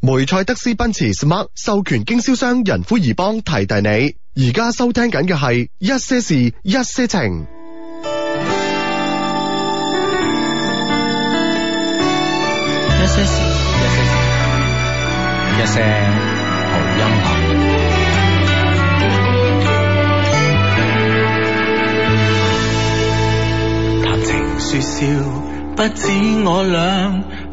梅賽德斯奔馳 smart 授權經銷商仁孚宜邦提提你，而家收聽緊嘅係一些事一些情，一些事一些情一些好音樂。談情說笑，不止我倆。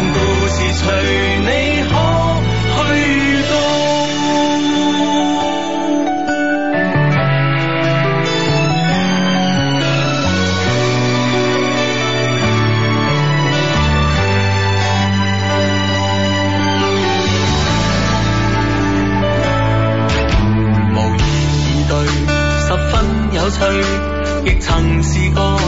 故事隨你可去到， 無言以對，十分有趣，亦曾試過。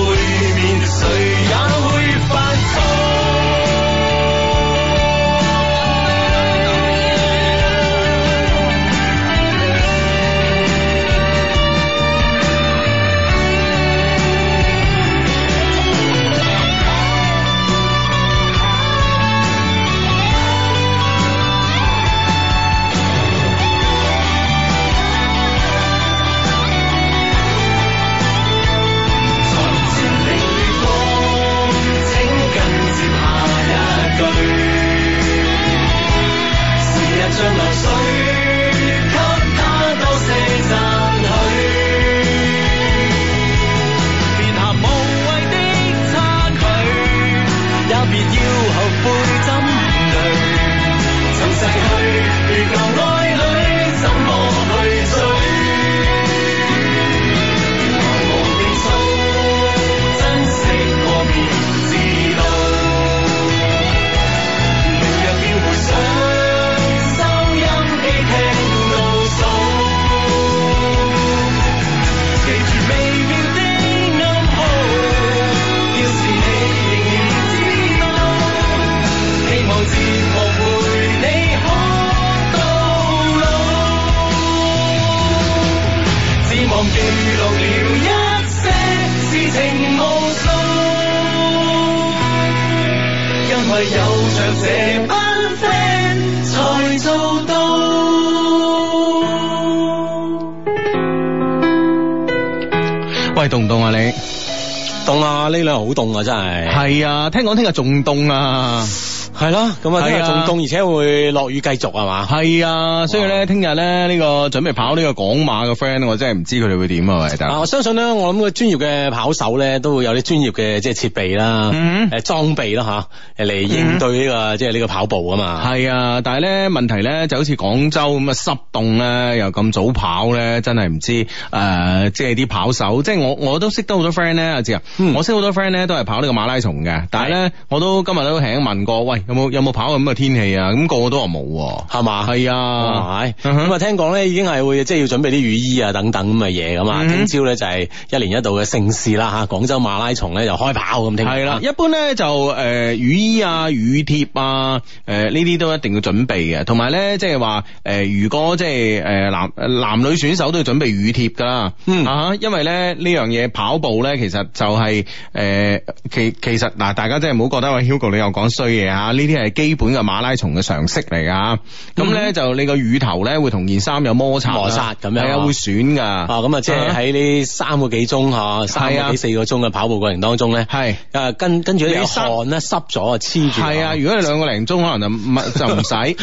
香港聽日仲凍啊，係啦，咁啊聽日仲凍，而且會落雨繼續啊嘛，係啊，所以咧聽日咧呢,哇呢、這個準備跑呢個廣馬嘅 friend，我真係唔知佢哋會點啊,啊！我相信咧，我諗個專業嘅跑手咧都會有啲專業嘅即係設備啦，誒裝、嗯呃、備咯吓，嚟、啊、應對呢、這個、嗯、即係呢個跑步啊嘛。係啊，但係咧問題咧就好似廣州咁啊濕。咧又咁早跑咧，真係唔知誒，即係啲跑手，即係我我都識得好多 friend 咧。阿啊，我識好、嗯、多 friend 咧都係跑呢個馬拉松嘅，但係咧、嗯、我都今日都請問過，喂，有冇有冇跑咁嘅天氣啊？咁個個都話冇，係嘛？係啊，咁吧啊、嗯嗯、哼 聽講咧已經係會即係要準備啲雨衣啊等等咁嘅嘢㗎嘛。聽朝咧就係一年一度嘅盛事啦嚇，廣州馬拉松咧就開跑咁。係啦是的、嗯，一般咧就誒、呃、雨衣啊、雨貼啊、誒呢啲都一定要準備嘅，同埋咧即係話誒如果即係。即即誒男男女選手都要準備乳貼噶，嗯啊，因為咧呢樣嘢跑步咧，其實就係、是、誒、呃、其其實嗱、啊，大家真係唔好覺得喂、啊、Hugo 你又講衰嘢吓，呢啲係基本嘅馬拉松嘅常識嚟噶。咁咧、嗯、就你個乳頭咧會同件衫有摩擦，擦咁樣係啊，會損噶咁啊，即係喺呢三個幾鐘吓，三個幾四個鐘嘅跑步過程當中咧，係對啊，跟跟住你啲汗咧濕咗啊，黐住係啊。如果你兩個零鐘可能就唔就唔使，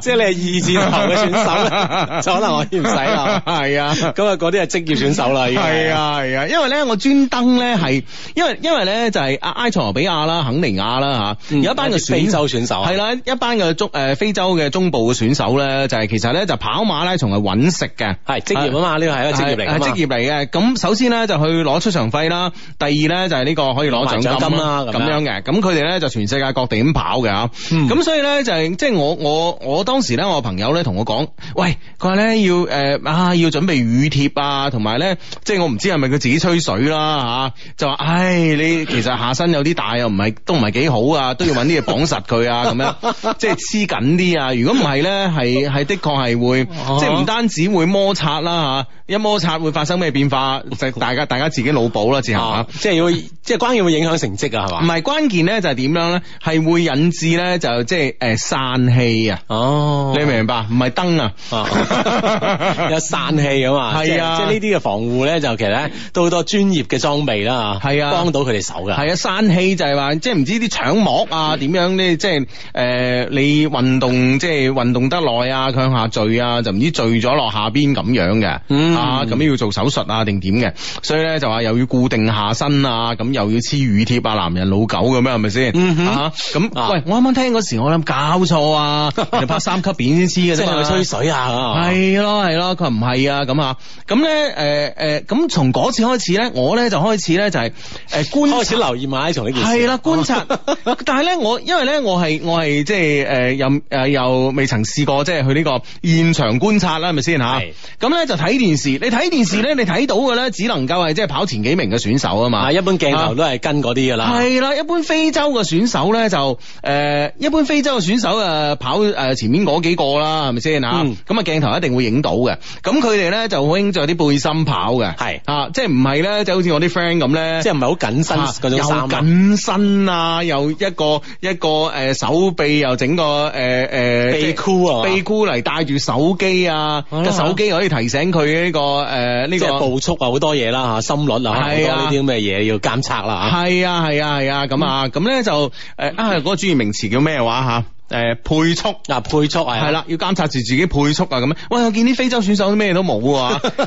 即係你。二戰後嘅選手就可能我唔使啦。係啊，咁啊嗰啲係職業選手啦。係啊係啊，因為咧我專登咧係，因為因為咧就係埃塞俄比亞啦、肯尼亞啦嚇，有一班嘅非洲選手係啦，一班嘅中誒非洲嘅中部嘅選手咧，就係其實咧就跑馬拉松係揾食嘅，係職業啊嘛，呢個係一個職業嚟嘅，係職業嚟嘅。咁首先咧就去攞出場費啦，第二咧就係呢個可以攞獎金啦咁樣嘅。咁佢哋咧就全世界各地咁跑嘅嚇，咁所以咧就係即係我我我當時咧。等我朋友咧同我講，喂，佢話咧要誒、呃、啊要準備雨貼啊，同埋咧即係我唔知係咪佢自己吹水啦吓、啊，就話唉你其實下身有啲大又唔係都唔係幾好啊，都要揾啲嘢綁實佢啊，咁樣即係黐緊啲啊。如果唔係咧，係係的確係會、啊、即係唔單止會摩擦啦吓、啊，一摩擦會發生咩變化？就大家大家自己腦補啦，自行啊，啊即係要即係關鍵會影響成績啊，係嘛？唔係關鍵咧就係、是、點樣咧？係會引致咧就即係誒散氣啊哦。你明白唔係燈啊， 有散氣啊嘛。即係即係呢啲嘅防護咧，就其實都好多專業嘅裝備啦，係啊，幫到佢哋手噶，係啊，散氣、啊、就係、係、話即係唔知啲腸膜啊，點樣咧、嗯呃，即係誒，你運動即係運動得耐啊，向下墜啊，就唔知墜咗落下邊咁樣嘅，嗯、啊，咁要做手術啊定點嘅，所以咧就話又要固定下身啊，咁又要黐乳貼啊，男人老狗咁樣係咪先？啊，咁、嗯哼啊、喂，我啱啱聽嗰時我諗搞錯啊，你拍三級點先知嘅啫，佢吹水啊！係咯，係咯，佢唔係啊咁啊咁咧，誒誒，咁從嗰次開始咧，我咧就開始咧就係誒觀察，開始留意阿 i、啊、s 呢件係啦，觀察。 但係咧，我因為咧，我係我係即係誒，又誒、呃、又未曾試過即係去呢個現場觀察啦，係咪先吓？咁咧的就睇電視，你睇電視咧，你睇到嘅咧只能夠係即係跑前幾名嘅選手啊嘛。一般鏡頭都係跟嗰啲噶啦。係啦的，一般非洲嘅選手咧就誒、呃，一般非洲嘅選手誒跑誒前面嗰幾。幾個啦，係咪先啊？咁啊，鏡頭一定會影到嘅。咁佢哋咧就好興着啲背心跑嘅，係啊，即係唔係咧，就好似我啲 friend 咁咧，即係唔係好緊身嗰種衫啊，緊身啊，又一個一個誒手臂又整個誒誒臂箍啊，臂箍嚟帶住手機啊，個手機可以提醒佢呢個誒呢個步速啊，好多嘢啦吓，心率啊，好多呢啲咁嘅嘢要監測啦。係啊係啊係啊，咁啊咁咧就誒啊嗰個專業名詞叫咩話吓？誒、呃，配速嗱， 配速係係啦，要監察住自，自己配速啊，咁樣。喂，我見啲非洲選手咩都冇，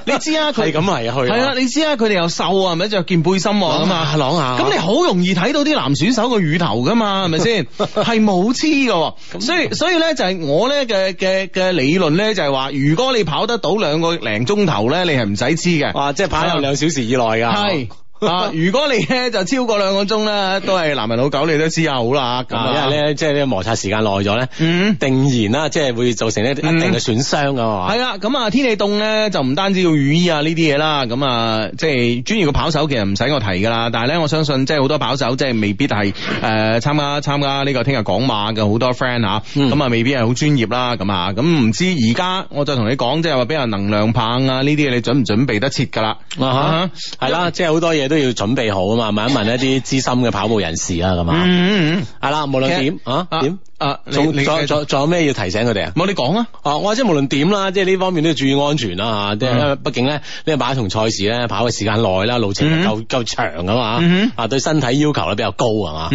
你知啊，佢係咁嚟去，佢係啦，你知啊，佢哋又瘦啊，咪着件背心咁啊嘛，朗下、啊，咁、啊、你好容易睇到啲男選手個乳頭噶嘛，係咪先？係冇黐噶，所以所以咧就係我咧嘅嘅嘅理論咧就係話，如果你跑得到兩個零鐘頭咧，你係唔使黐嘅，哇，即係跑有兩小時以內噶，係。啊！如果你咧就超過兩個鐘咧，都係男人老狗，你都知啊。好啦。咁 ソ apr il、да、因為咧，即係咧摩擦時間耐咗咧，定然啦，即係會造成一定嘅損傷噶嘛。係啦，咁啊，天氣凍咧，就唔單止要雨衣啊呢啲嘢啦。咁啊，即係專業嘅跑手其實唔使我提噶啦。但係咧，我相信即係好多跑手即係未必係誒參加參加呢個聽日港馬嘅好多 friend 吓，咁啊未必係好專業啦。咁啊，咁唔知而家我就同你講，即係話俾人能量棒啊呢啲嘢，你準唔準備得切噶啦？啊哈，係啦，即係好多嘢。你都要準備好啊嘛，問一問一啲資深嘅跑步人士啊，咁啊，係啦，無論點啊點啊，仲仲有咩要提醒佢哋啊？冇你講啊！我話即係無論點啦，即係呢方面都要注意安全啦吓，即係畢竟咧，呢個馬拉松賽事咧，跑嘅時間耐啦，路程又夠夠長噶嘛，啊，對身體要求咧比較高係嘛。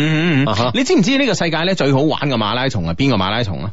你知唔知呢個世界咧最好玩嘅馬拉松係邊個馬拉松啊？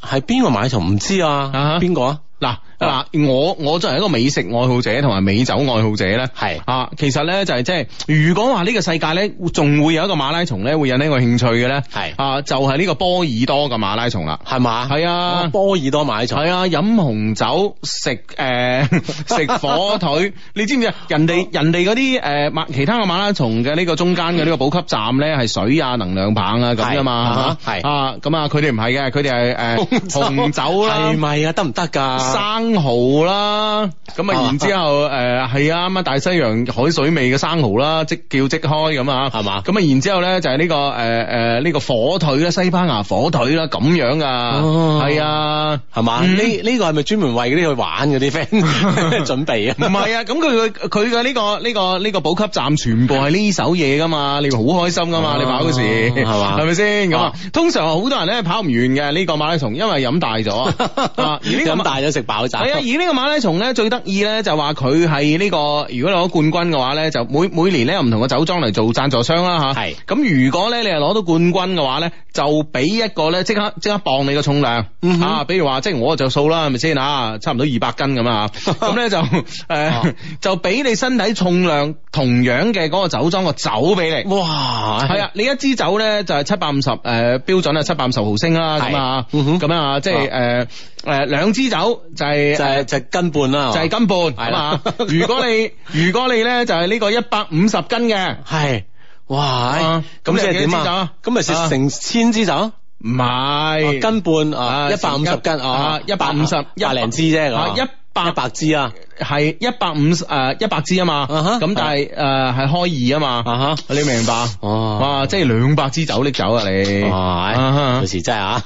係邊個馬拉松？唔知啊？邊個啊？嗱。嗱，我、啊、我作為一個美食愛好者同埋美酒愛好者咧，係是啊，其實咧就係即係，如果話呢個世界咧，仲會有一個馬拉松咧，會引起呢個興趣嘅咧，係是啊，就係、是、呢個波爾多嘅馬拉松啦，係嘛吧，係啊，波爾多馬拉松，係啊，飲紅酒食誒、呃、食火腿， 你知唔知啊？人哋 人哋嗰啲誒馬其他嘅馬拉松嘅呢個中間嘅呢個補給站咧，係水啊、能量棒啊咁啊嘛，係啊，咁啊，佢哋唔係嘅，佢哋係誒紅酒啦，係咪啊？得唔得噶生？蚝啦，咁啊，然之後誒係啊，啱大西洋海水味嘅生蚝啦，即叫即開咁啊，係嘛吧？咁啊、這個，然之後咧就係呢個誒誒呢個火腿啦，西班牙火腿啦，咁樣噶，係、哦、啊，係嘛嗎？呢呢、嗯這個係咪專門為嗰啲去玩嗰啲 friend 準備啊？唔係啊，咁佢佢嘅呢個呢、這個呢、這個補給、這個這個、站全部係呢首嘢噶嘛，你好開心噶嘛，啊、你跑嗰時係嘛？係咪先咁？啊,啊，通常好多人咧跑唔完嘅呢個馬拉松，因為飲大咗，飲、啊這個、 大咗食飽係啊，而呢個馬拉松咧最得意咧就話佢係呢個，如果攞冠軍嘅話咧，就每每年咧有唔同嘅酒莊嚟做贊助商啦吓。係的，咁如果咧你係攞到冠軍嘅話咧，就俾一個咧即刻即刻磅你個重量啊，嗯、哼比如話即係我就數啦，係咪先啊？差唔多二百斤咁啊，咁咧 就誒、呃、就俾你身體重量同樣嘅嗰個酒莊個酒俾你。哇！係啊，你一支酒咧就係七百五十誒標準啊，七百五十毫升啦咁啊，咁樣啊，即係誒。誒，兩支酒就係就係就係跟半啦，就係斤半係啦。如果你如果你咧就係呢個一百五十斤嘅，係哇，咁即係點啊？咁咪蝕成千支酒？唔係斤半啊，一百五十斤啊，一百五十百零支啫，一百百支啊。係一百五誒一百支啊嘛，咁但係誒係開二啊嘛，你明白？哇，即係兩百支酒拎走啊你，有時真係啊，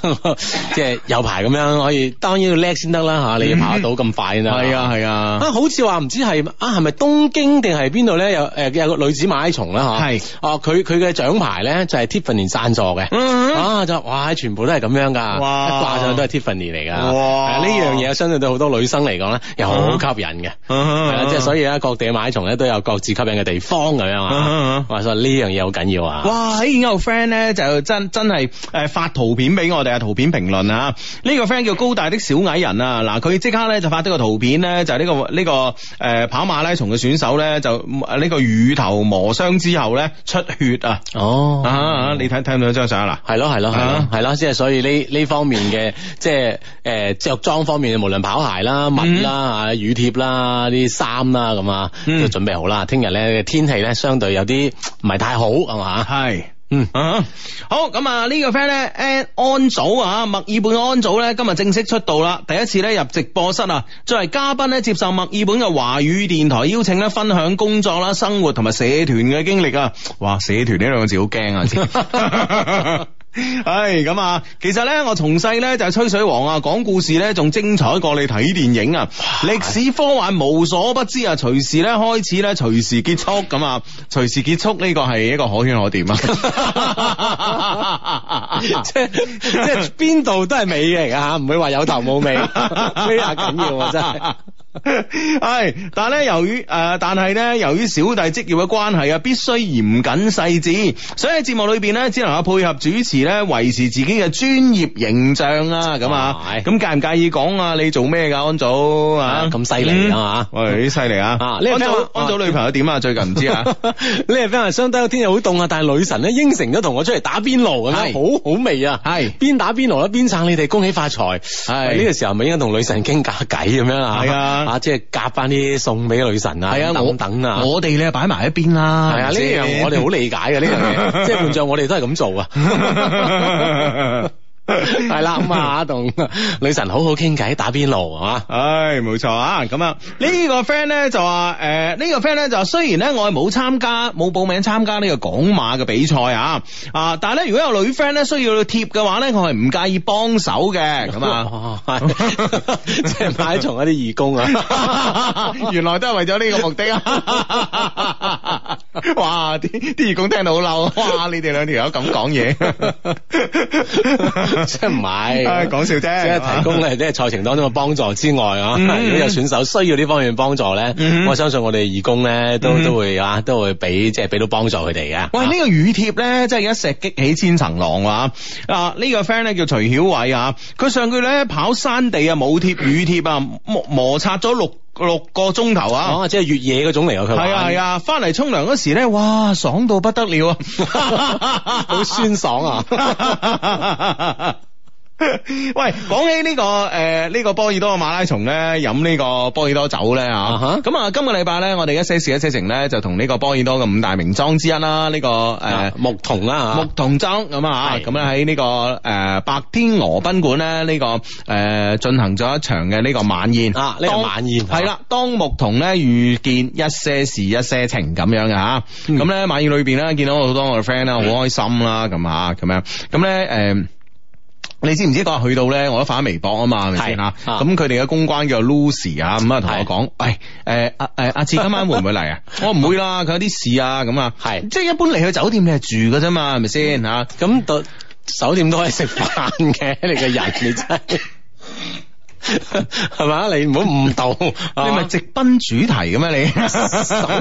即係有排咁樣可以，當然要叻先得啦吓，你要跑得到咁快先得。係啊係啊，啊好似話唔知係啊係咪東京定係邊度咧？有誒有個女子馬拉松啦吓，係哦佢佢嘅獎牌咧就係 Tiffany 贊助嘅，啊就哇全部都係咁樣噶，一掛上都係 Tiffany 嚟噶，呢樣嘢相對對好多女生嚟講咧又好吸引。嘅係啊，即、啊、係所以咧，各地馬拉松咧都有各自吸引嘅地方咁樣啊。話晒呢樣嘢好緊要啊！要哇，喺我 friend 咧就真真係誒發圖片俾我哋啊！圖片評論啊，呢、這個 friend 叫高大的小矮人啊，嗱佢即刻咧就發咗個圖片咧，就呢、是這個呢、這個誒、呃、跑馬拉松嘅選手咧就呢、這個乳頭磨傷之後咧出血、哦、啊！哦，你睇睇唔到張相啦？係咯係咯係咯係咯，即係所以呢呢方面嘅即係誒着裝方面，無論跑鞋啦、襪啦、乳貼啦。啲衫啦，咁啊都、嗯、準備好啦。聽日咧天氣咧相對有啲唔係太好，係嘛？係，嗯、啊、好。咁啊、這個、呢個 friend 咧誒安祖啊，墨爾本安祖咧今日正式出道啦，第一次咧入直播室啊，作為嘉賓咧接受墨爾本嘅華語電台邀請咧，分享工作啦、生活同埋社團嘅經歷啊。哇，社團呢兩個字好驚啊！ 唉，咁啊，其實咧，我從細咧就係吹水王啊，講故事咧仲精彩過你睇電影啊，歷史科幻無所不知啊，隨時咧開始咧，隨時結束咁啊，隨時結束呢個係一個可圈可點啊，即係即係邊度都係美嘅嚟噶吓，唔會話有頭冇尾，非常緊要啊真係。 係、 呃，但係咧，由於誒，但係咧，由於小弟職業嘅關係啊，必須嚴謹細緻，所以喺節目裏邊咧，只能夠配合主持咧，維持自己嘅專業形象啦。咁啊，咁、啊、介唔介意講啊？你做咩噶？安祖啊，咁犀利啊嘛，喂，犀利啊！安祖，安祖女朋友點啊？最近唔知啊。呢日 f r 相低個天又好凍啊，但係女神咧應承咗同我出嚟打邊爐咁樣，好是好味啊！係邊是打邊爐咧，邊撐你哋，恭喜發財！係、哎、呢是個時候咪應該同女神傾下偈咁樣啊？係 啊。 啊，即係夾翻啲送俾女神啊，係啊，等等啊，我哋咧擺埋一邊啦。係啊，呢樣、啊、我哋好理解嘅，呢樣嘢，即係換着我哋都係咁做啊。係 啦，咁啊同女神好好傾偈打邊爐、哎、啊，唉，冇錯啊，咁啊呢個 friend 咧就話，誒呢個 friend 咧就雖然咧我係冇參加冇報名參加呢個港馬嘅比賽啊啊，但係咧如果有女 friend 咧需要貼嘅話咧，我係唔介意幫手嘅，咁啊，即係馬蟲一啲義工啊， 原來都係為咗呢個目的啊， 哇啲啲義工聽到好嬲，哇你哋兩條友咁講嘢。 即係唔係？講笑啫！即係提供咧即係賽程當中嘅幫助之外，啊，嗯嗯、如果有選手需要呢方面幫助咧，嗯嗯我相信我哋義工咧都嗯嗯都會啊，都會俾即係俾到幫助佢哋嘅。喂，呢、呢個雨貼咧，即係一石激起千層浪啊！啊，呢個 friend 咧叫徐曉偉啊，佢上個月咧跑山地啊，冇貼雨貼啊，摩擦咗六。六個鐘頭啊，講、哦、即係越野嗰種嚟啊！佢係啊係啊，翻嚟沖涼嗰時咧，哇，爽到不得了，啊， 好酸爽啊！ 喂，講起呢、這個誒，呢、呃這個波爾多嘅馬拉松咧，飲呢個波爾多酒咧吓，咁、uh huh. 啊，今個禮拜咧，我哋一些事一些情咧，就同呢個波爾多嘅五大名莊之一啦，呢、這個誒木桐啦，木桐莊咁啊，咁咧喺呢個誒、呃、白天鵝賓館咧，呢個誒進行咗一場嘅呢個晚宴啊，呢個晚宴係啦，當木桐咧遇見一些事一些情咁樣嘅吓，咁咧、uh huh. 嗯、晚宴裏邊咧見到好多我嘅 friend 啦，好開心啦，咁啊、uh，咁、huh. 樣，咁咧誒。你知唔知嗰日去到咧，我都發咗微博啊嘛，係咪先啊？咁佢哋嘅公關叫 Lucy 是啊，咁啊同我講，喂、啊，誒、啊，誒，阿志今晚會唔會嚟啊？ 我唔會啦，佢有啲事啊，咁啊，係，即係一般嚟去酒店你係住噶啫嘛，係咪先吓？咁到、 嗯、酒店都可以食飯嘅，你個人你真係。 係嘛？你唔好誤導，你咪直奔主題嘅咩？你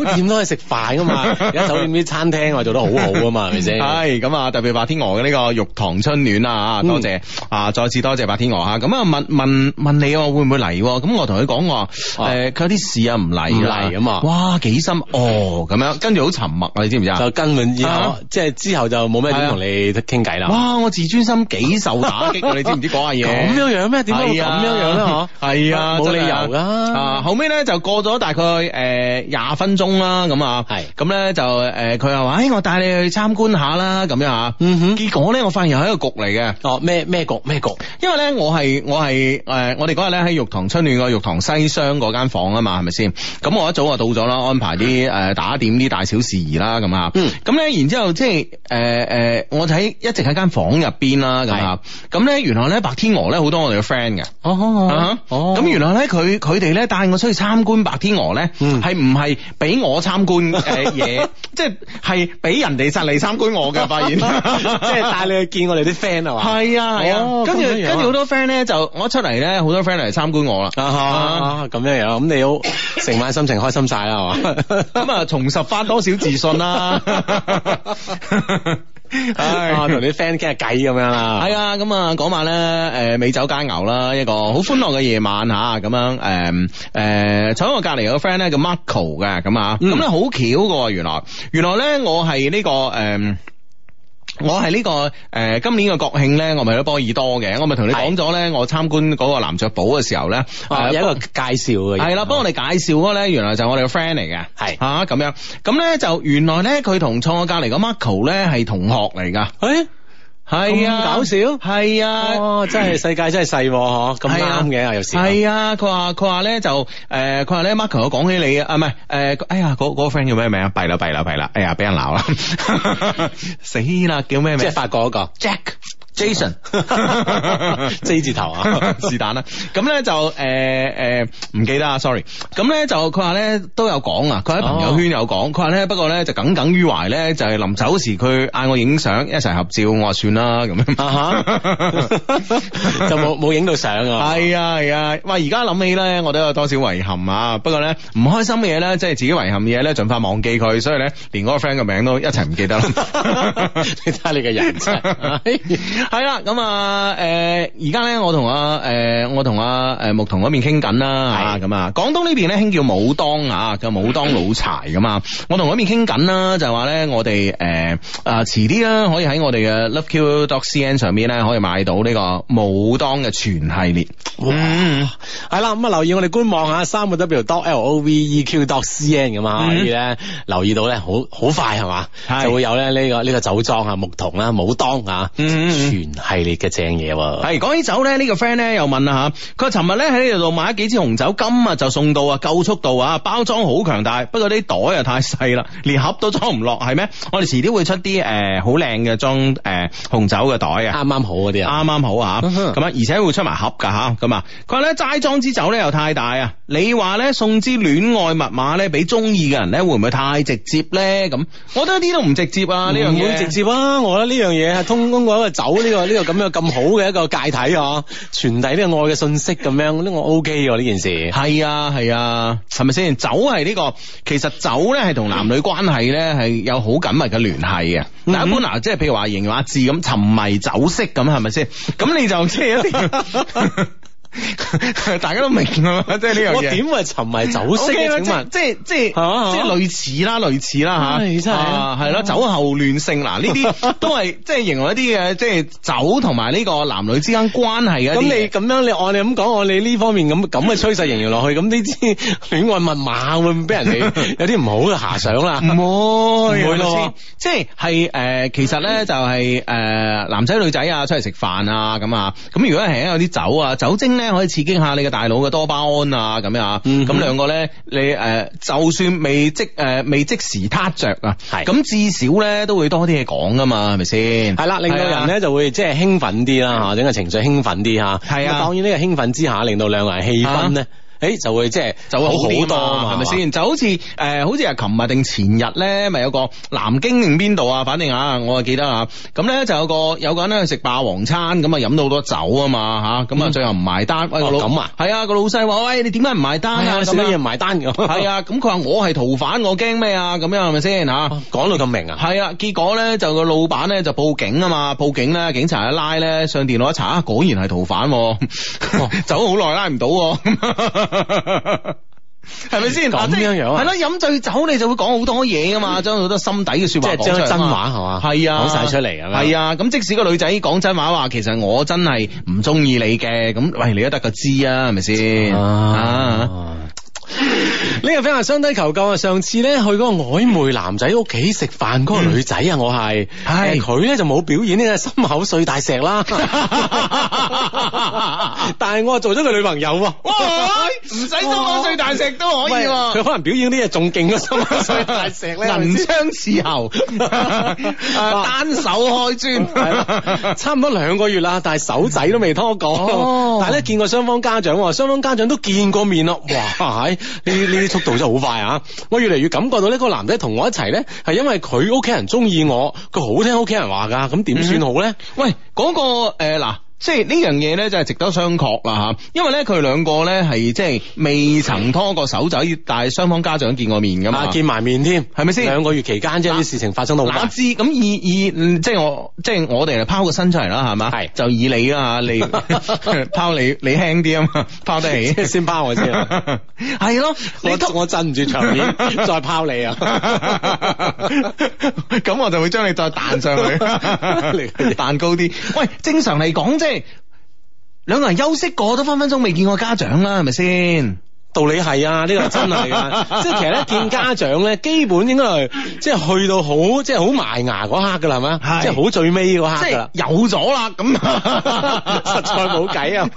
酒店都係食飯噶嘛？而家酒店啲餐廳啊做得好好噶嘛？係咪先？係咁啊！特別白天鵝嘅呢個玉堂春暖啊！多謝啊！再次多謝白天鵝吓。咁啊，問問問你會唔會嚟？咁我同佢講話，誒，佢有啲事啊，唔嚟嚟咁啊！哇，幾深哦咁樣，跟住好沉默，你知唔知啊？就跟住，之後即係之後就冇咩點同你傾偈啦。哇！我自尊心幾受打擊，你知唔知講下嘢？咁樣樣咩？點解咁樣樣？係、嗯、啊，冇理由啦。啊，後尾咧就過咗大概誒廿、呃、分鐘啦。咁啊，係咁咧就誒佢又話，誒、呃哎、我帶你去參觀下啦。咁樣啊，嗯哼。結果咧，我發現係一個局嚟嘅。哦，咩咩局咩局？局因為咧，我係我係誒，我哋嗰日咧喺玉堂春暖個玉堂西廂嗰間房啊嘛，係咪先？咁我一早就到咗啦，安排啲誒、嗯、打點啲大小事宜啦。咁啊，咁咧，然之後即係誒誒，我就喺一直喺間房入邊啦。咁啊，咁咧原來咧白天鵝咧好多我哋嘅 friend 嘅。哦啊！哦，咁原來咧，佢佢哋咧帶我出去參觀白天鵝咧，係唔係俾我參觀嘅嘢？ 即係係俾人哋嚟參觀我嘅，發現 即係帶你去見我哋啲 friend 啊嘛，係啊係啊，跟住跟住好多 friend 咧就我一出嚟咧，好多 friend 嚟參觀我啦。咁、啊、樣樣咁你要成晚心情開心晒啦，係嘛？咁啊重拾翻多少自信啦！ 唉，同啲 friend 傾下偈咁樣啦。係啊，咁啊嗰晚咧，誒美酒佳肴啦，一個好歡樂嘅夜晚吓，咁、嗯嗯嗯嗯嗯、樣誒誒坐喺我隔籬個 friend 咧叫 Michael 嘅，咁啊，咁咧好巧噶，原來原來咧我係呢、這個誒。嗯我係呢、這個誒、呃，今年嘅國慶咧，我咪去咗波爾多嘅，我咪同你講咗咧，是我參觀嗰個南雀堡嘅時候咧、哦，有一個介紹嘅。係啦、嗯，幫我哋介紹嗰咧，原來就我哋個 friend 嚟嘅，係吓咁樣。咁咧就原來咧，佢同坐我隔籬個 Marco 咧係同學嚟噶。欸係啊，搞笑，係啊，哦、真係世界真係細嗬，咁啱嘅有時。係啊，佢話佢話咧就誒，佢話咧，Michael 我講起你啊，唔係誒，哎呀嗰嗰、嗰個 friend 叫咩名？啊？弊啦弊啦弊啦，哎呀俾人鬧啦， 死啦叫咩名？即係法國嗰個 Jack。Jason，J 字頭啊，是但啦。咁咧就誒誒唔記得啊，sorry。咁咧就佢話咧都有講啊，佢喺朋友圈有講，佢話咧不過咧就耿耿於懷咧，就係臨走時佢嗌我影相一齊合照，我話算啦咁樣，就冇冇影到相啊。係啊係啊，喂，而家諗起咧，我都有多少遺憾啊。不過咧唔開心嘅嘢咧，即係自己遺憾嘅嘢咧，盡快忘記佢，所以咧連嗰個 friend 嘅名都一齊唔記得咯。你睇你嘅人。係啦，咁啊，誒，而家咧，我同啊，誒的，我同阿誒木桐嗰邊傾緊啦，係咁啊，廣東呢邊咧，興叫武當啊，叫武當老柴咁啊， 我同嗰邊傾緊啦，就係話咧，我哋誒誒遲啲啦，可以喺我哋嘅 loveq.cn 上面咧，可以買到呢個武當嘅全系列。哇，係啦，咁啊，留意我哋官網下三個 w.com，loveq.cn 咁啊，可以咧、嗯、留意到咧，好好快係嘛，的就會有咧、這、呢個呢、這個酒莊啊，木桐啦，武當啊，系列嘅正嘢喎，啊，係講起酒咧，呢個 friend 咧又問啦吓，佢話尋日咧喺呢度度買咗幾支紅酒，今日就送到啊，夠速度啊，包裝好強大，不過啲袋又太細啦，連盒都裝唔落係咩？我哋遲啲會出啲誒好靚嘅裝誒紅酒嘅袋啊，啱啱好嗰啲啊，啱啱好啊，咁啊， 而且會出埋盒噶吓，咁啊，佢話咧齋裝支酒咧又太大啊，你話咧送支戀愛密碼咧俾中意嘅人咧會唔會太直接咧？咁，我覺得一啲都唔直接啊，呢，嗯，樣嘢唔會直接啊，我覺得呢樣嘢係通通過一個酒。呢、這個呢、這個咁樣咁好嘅一個介體啊，傳遞呢個愛嘅信息咁樣，呢我 O K 嘅呢件事。係啊係啊，係咪先？酒係呢個，其實酒咧係同男女關係咧係有好緊密嘅聯繫嘅。嗯、但係一般嗱、啊，即係譬如話形容阿志咁沉迷酒色咁，係咪先？咁 你就即係。 大家都明啦，即係呢樣嘢。我點會沉迷酒色啊？請問，即係即係即係類似啦，類似啦吓，係啊，係咯，酒後亂性嗱，呢啲都係即係形容一啲嘅，即係酒同埋呢個男女之間關係嘅。咁你咁樣你按你咁講，我你呢方面咁咁嘅趨勢形容落去，咁呢啲戀愛密碼會唔會俾人哋有啲唔好嘅遐想啦。唔會，唔會咯，即係係誒，其實咧就係誒男仔女仔啊，出嚟食飯啊咁啊，咁如果係有啲酒啊酒精咧。可以刺激下你嘅大腦嘅多巴胺啊，咁樣啊，咁兩、嗯、哼個咧，你誒、呃、就算未即誒、呃、未即時撻着啊，係是，咁至少咧都會多啲嘢講噶嘛，係咪先？係啦，令到人咧就會即係興奮啲啦，吓，整個情緒興奮啲吓，係啊，當然呢個興奮之下令到兩個人氣氛咧。就會即係就會好好多嘛，係咪先？就好似誒、呃，好似係琴日定前日咧，咪有個南京定邊度啊？反正啊，我啊記得啊，咁咧就有個有個人咧去食霸王餐，咁啊飲到好多酒啊嘛，吓咁啊、嗯、最後唔埋單。嗯、喂個老係啊，個、啊、老細話喂你點解唔埋單啊？點解唔埋單嘅？係啊，咁佢話我係逃犯，我驚咩啊？咁樣係咪先吓？講到咁明啊？係啊，結果咧就個老闆咧就報警啊嘛，報警啦，警察一拉咧上電腦一查，果然係逃犯，啊， 走好耐拉唔到。 係咪先，咁樣樣係咯？飲醉酒你就會講好多嘢㗎嘛，將好多心底嘅說話即係講真話係嘛，係啊，講晒出嚟係啊。咁即使個女仔講真話，話其實我真係唔中意你嘅咁，喂，你都得個知啊，係咪先啊？呢個比較雙低求救啊！上次咧去嗰個曖昧男仔屋企食飯嗰個女仔啊，我係，係佢咧就冇表演呢個心口碎大石啦。 但係我啊做咗佢女朋友，唔 使心口碎大石都可以。佢 可能表演啲嘢仲勁過心口碎大石咧，銀槍刺喉， 單手開磚， 差唔多兩個月啦，但係手仔都未拖過。 但係咧見過雙方家長，雙方家長都見過面咯。 哇，呢呢啲速度真係好快啊！ 我越嚟越感覺到呢個男仔同我一齊咧，係因為佢屋企人中意我，佢好聽屋企人話噶，咁點算好咧？嗯、哼喂，嗰、嗰個誒嗱。呃即係呢樣嘢咧，就係值得商榷啦吓，因為咧佢兩個咧係即係未曾拖過手就可以，但係雙方家長見過面噶嘛，啊、見埋面添，係咪先？兩個月期間即係啲事情發生到，我知咁以以即係我即係我哋嚟拋個身出嚟啦，係嘛？係是就以你啊，你拋你你輕啲啊嘛，拋得起 先拋我先、啊，係 咯，我我鎮唔住場面，再拋你啊，咁 我就會將你再彈上去，你 彈高啲。喂，正常嚟講即係。兩個人休息過都分分鐘未見過家長啦，係咪先？道理係啊，呢、這個係真係㗎、啊， 即係其實咧見家長咧，基本應該係即係去到好、就是、是即係好埋牙嗰刻㗎啦，係咪？即係好最尾嗰刻㗎啦。有咗啦，咁實在冇計啊！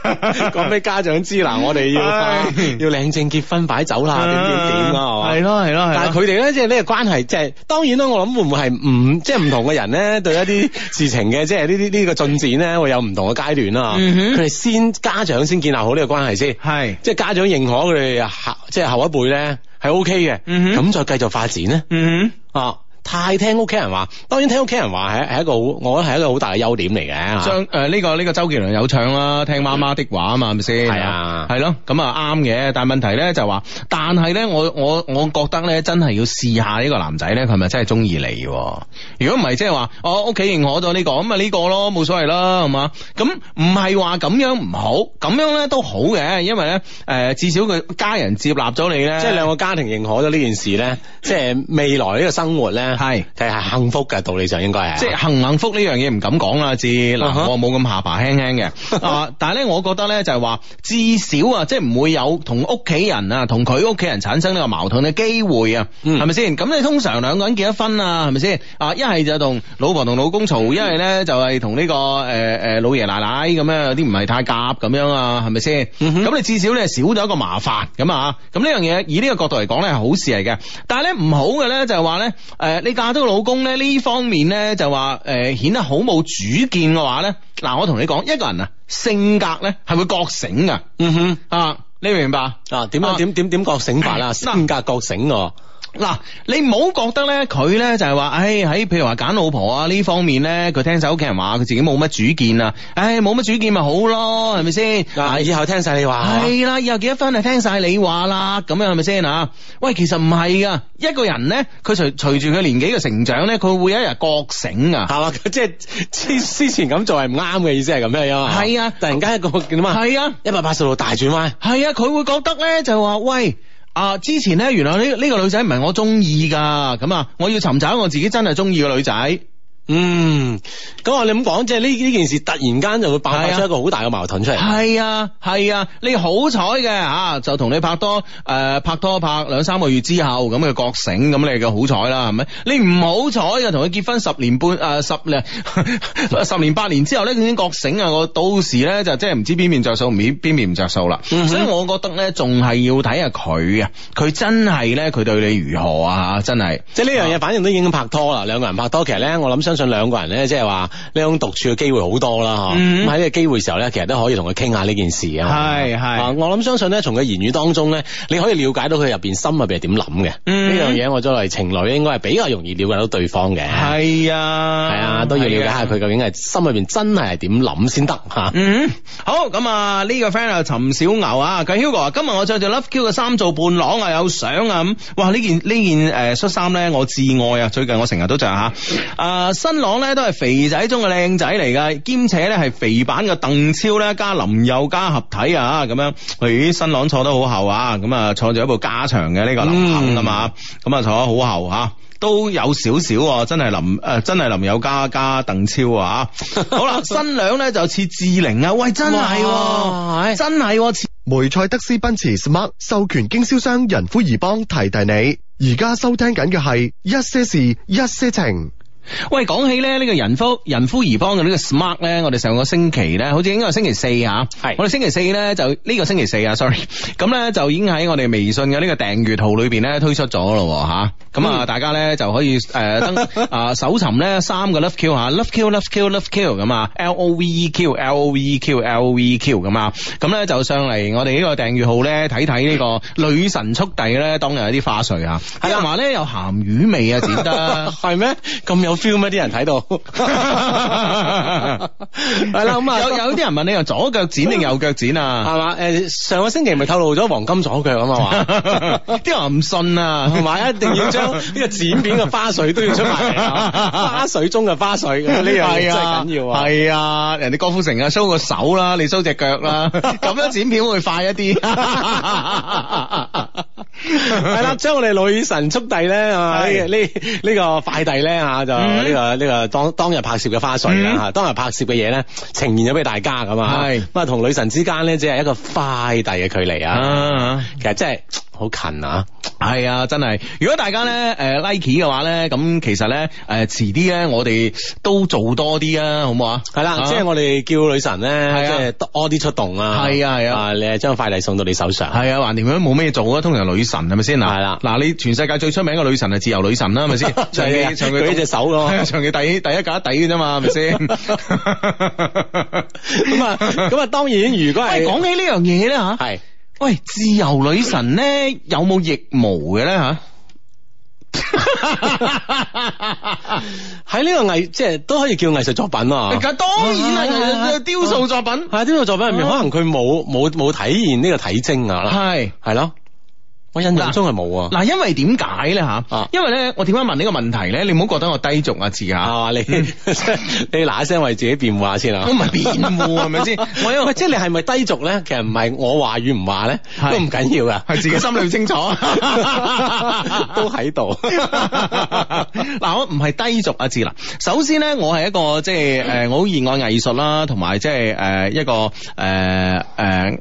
講俾 家長知嗱，我哋、嗯啊、要快，要領證結婚擺酒啦，點點點係嘛？係咯係咯，但係佢哋咧即係呢、就是、個關係即係當然啦。我諗會唔會係唔即係唔同嘅人咧對一啲事情嘅即係呢啲呢個進展咧會有唔同嘅階段啦。佢哋、嗯、哼先家長先建立好呢個關係先係，即係的家長認可佢哋。係啊，即係後一輩咧、OK，係 OK 嘅，嗯，咁再繼續發展咧。嗯、mm，hmm。啊。太聽屋企人話，當然聽屋企人話係係一個好，我覺得係一個好大嘅優點嚟嘅。唱誒呢個呢個周杰倫有唱啦，聽媽媽的話啊嘛，係咪先？係啊，係咯，咁啊啱嘅。但係問題咧就話，但係咧我我我覺得咧真係要試下呢個男仔咧，佢咪真係中意你？如果唔係即係話，我屋企認可咗呢個，咁啊呢個咯冇所謂啦，係嘛？咁唔係話咁樣唔好，咁樣咧都好嘅，因為咧誒、呃、至少佢家人接納咗你咧，即係兩個家庭認可咗呢件事咧， 即係未來呢個生活咧。係，睇下是幸福嘅道理就應該係，即係幸唔幸福呢樣嘢唔敢講啦。知嗱，uh huh. 我冇咁下巴輕輕嘅啊。 但係咧，我覺得咧就係話至少啊，即係唔會有同屋企人啊，同佢屋企人產生呢個矛盾嘅機會啊，係咪先？咁你通常兩個人結咗婚啊，係咪先啊？一係就同老婆同老公嘈，一係咧就係同呢個誒誒、呃、老爺奶奶咁樣有啲唔係太夾咁樣啊，係咪先？咁你、uh huh. 至少咧少咗一個麻煩咁啊。咁呢樣嘢以呢個角度嚟講咧係好事嚟嘅，但係咧唔好嘅咧就係話咧誒。呃呃呃呃呃你嫁咗個老公咧呢方面咧就話誒、呃，顯得好冇主見嘅話咧，嗱我同你講，一個人啊性格咧係會覺醒噶，嗯哼啊，你明白啊？點樣點點點覺醒法啦？啊、性格覺醒。嗱，你唔好覺得咧，佢咧就係話，唉，喺譬如話揀老婆啊呢方面咧，佢聽晒屋企人話，佢自己冇乜主見啊，唉，冇乜主見咪好咯，係咪先？嗱，以後聽晒你話。係啦，以後幾多分係聽晒你話啦，咁樣係咪先啊？喂，其實唔係噶，一個人咧，佢隨隨住佢年紀嘅成長咧，佢會有一日覺醒啊，係嘛？即係之前咁做係唔啱嘅意思係咁樣啊？係啊，突然間一個點啊？係啊，一百八十度大轉彎。係啊，佢會覺得咧就係話，喂。啊！之前咧，原來呢呢個女仔唔係我中意噶，咁啊，我要尋找我自己真係中意嘅女仔。嗯，咁我你咁講，即係呢呢件事突然間就會爆發出一個好大嘅矛盾出嚟。係啊係啊，你好彩嘅吓，就同你拍拖誒、呃、拍拖拍兩三個月之後咁嘅覺醒，咁你就好彩啦，係咪？你唔好彩就同佢結婚十年半誒、啊、十 十年 八年之後咧，已經覺醒啊！我到時咧就即係唔知邊便着數，邊邊便唔着數啦。嗯、哼所以我覺得咧，仲係要睇下佢啊，佢真係咧，佢對你如何啊？吓，真係即係呢樣嘢，的反正都已經拍拖啦，兩個人拍拖，其實咧我諗相。相信兩個人咧，即係話呢種獨處嘅機會好多啦，吓，咁喺呢個機會時候咧，其實都可以同佢傾下呢件事啊。係係，我諗相信咧，從佢言語當中咧，你可以了解到佢入邊心入邊係點諗嘅。呢樣嘢我作為情侶應該係比較容易了解到對方嘅。係啊，係啊，都要了解下佢究竟係心入邊真係係點諗先得吓。的 好，咁啊呢、這個 friend 啊陳小牛啊，佢 Hugo、啊、今日我着住 Love Q 嘅衫做伴郎啊，有相啊咁。哇，呢件呢件誒恤、呃呃、衫咧，我至愛啊，最近我成日都着吓啊。啊啊啊啊新郎咧都係肥仔中嘅靚仔嚟噶，兼且咧係肥版嘅鄧超咧加林宥嘉合體啊，咁樣咦，新郎坐得好後啊，咁啊坐住一部加長嘅呢個林肯啊嘛，咁啊、嗯、坐得好後吓，都有少少真係林誒，真係林宥嘉加鄧超啊， 好啦，新娘咧就似志玲啊，喂，真係、啊，哇真係，似梅賽德斯奔馳 smart 授權經銷商人夫怡邦提，提提你，而家收聽緊嘅係一些事一些情。喂，講起咧呢個人夫人夫兒幫嘅呢個 smart 咧，我哋上個星期咧，好似應該係星期四吓，係是我哋星期四咧就呢、這個星期四啊，sorry，咁咧就已經喺我哋微信嘅呢個訂閱號裏邊咧推出咗咯吓，咁啊、嗯、大家咧就可以誒、呃、登、啊搜尋咧三個 love q 吓、啊、，love q love q love q 咁啊，l o v e q l o v e q l o v e q 咁啊，咁咧就上嚟我哋呢個訂閱號咧睇睇呢個女神速遞咧，當日有啲花絮啊，係啊嘛咧有鹹魚味啊，點得係咩咁有？feel 啲人睇到，係啦，咁 啊、 嗯，有有啲人問你又左腳剪定右腳剪啊？係嘛？誒，上個星期咪透露咗黃金左腳咁啊嘛，啲、就是、 人唔信啊，同埋一定要將呢個剪片嘅花絮都要出埋、啊，花絮中嘅花絮，呢 樣真係緊要啊！係 啊、 哎，人哋郭富城啊，修個手啦，你修隻腳啦，咁樣剪片會快一啲。係啦，將我哋女神速遞咧，呢呢呢個快遞咧啊就。呢、嗯呢個呢、呢個當當日拍攝嘅花絮啦吓，當日拍攝嘅嘢咧呈現咗俾大家咁是啊，咁啊同女神之間咧只係一個快遞嘅距離是啊，其實真、就、係、是。好近啊，係啊，真係。如果大家咧，誒 Nike 嘅話咧，咁其實咧，誒遲啲咧，我哋都做多啲啊，好唔好啊？係啦，即係我哋叫女神咧，即係多啲出動啊。係啊係啊，你係將個快遞送到你手上。係啊，橫掂佢都冇咩做啊，通常女神係咪先啊？係啦，嗱，你全世界最出名嘅女神係自由女神啦，係咪先？長期長期舉隻手咯，長期第第一架底嘅啫嘛，係咪先？咁啊咁啊，當然如果係講起呢樣嘢咧吓，係。喂，自由女神咧有冇腋毛嘅咧吓？喺 呢、 這個藝即係都可以叫藝術作品啊！梗當然啦，藝術、啊啊、雕塑作品係、啊、雕塑作品入面，可能佢冇冇冇體現呢個體徵啊 是！係係啦。我印象中係冇啊，嗱，因為點解咧吓？因為咧，我點解問呢個問題咧？你唔好覺得我低俗啊，字啊，你 你嗱一聲為自己辯護下先啊！我唔係辯護係咪先？我即係你係咪低俗咧？其實唔係我話與唔話咧，是都唔緊要噶，係自己心裏清楚， 都喺度這。嗱、 啊，我唔係低俗啊字啦。首先咧，我係一個即係誒，就是 uh, 我好熱愛藝術啦，同埋即係誒一個誒誒。Uh, uh, uh, uh,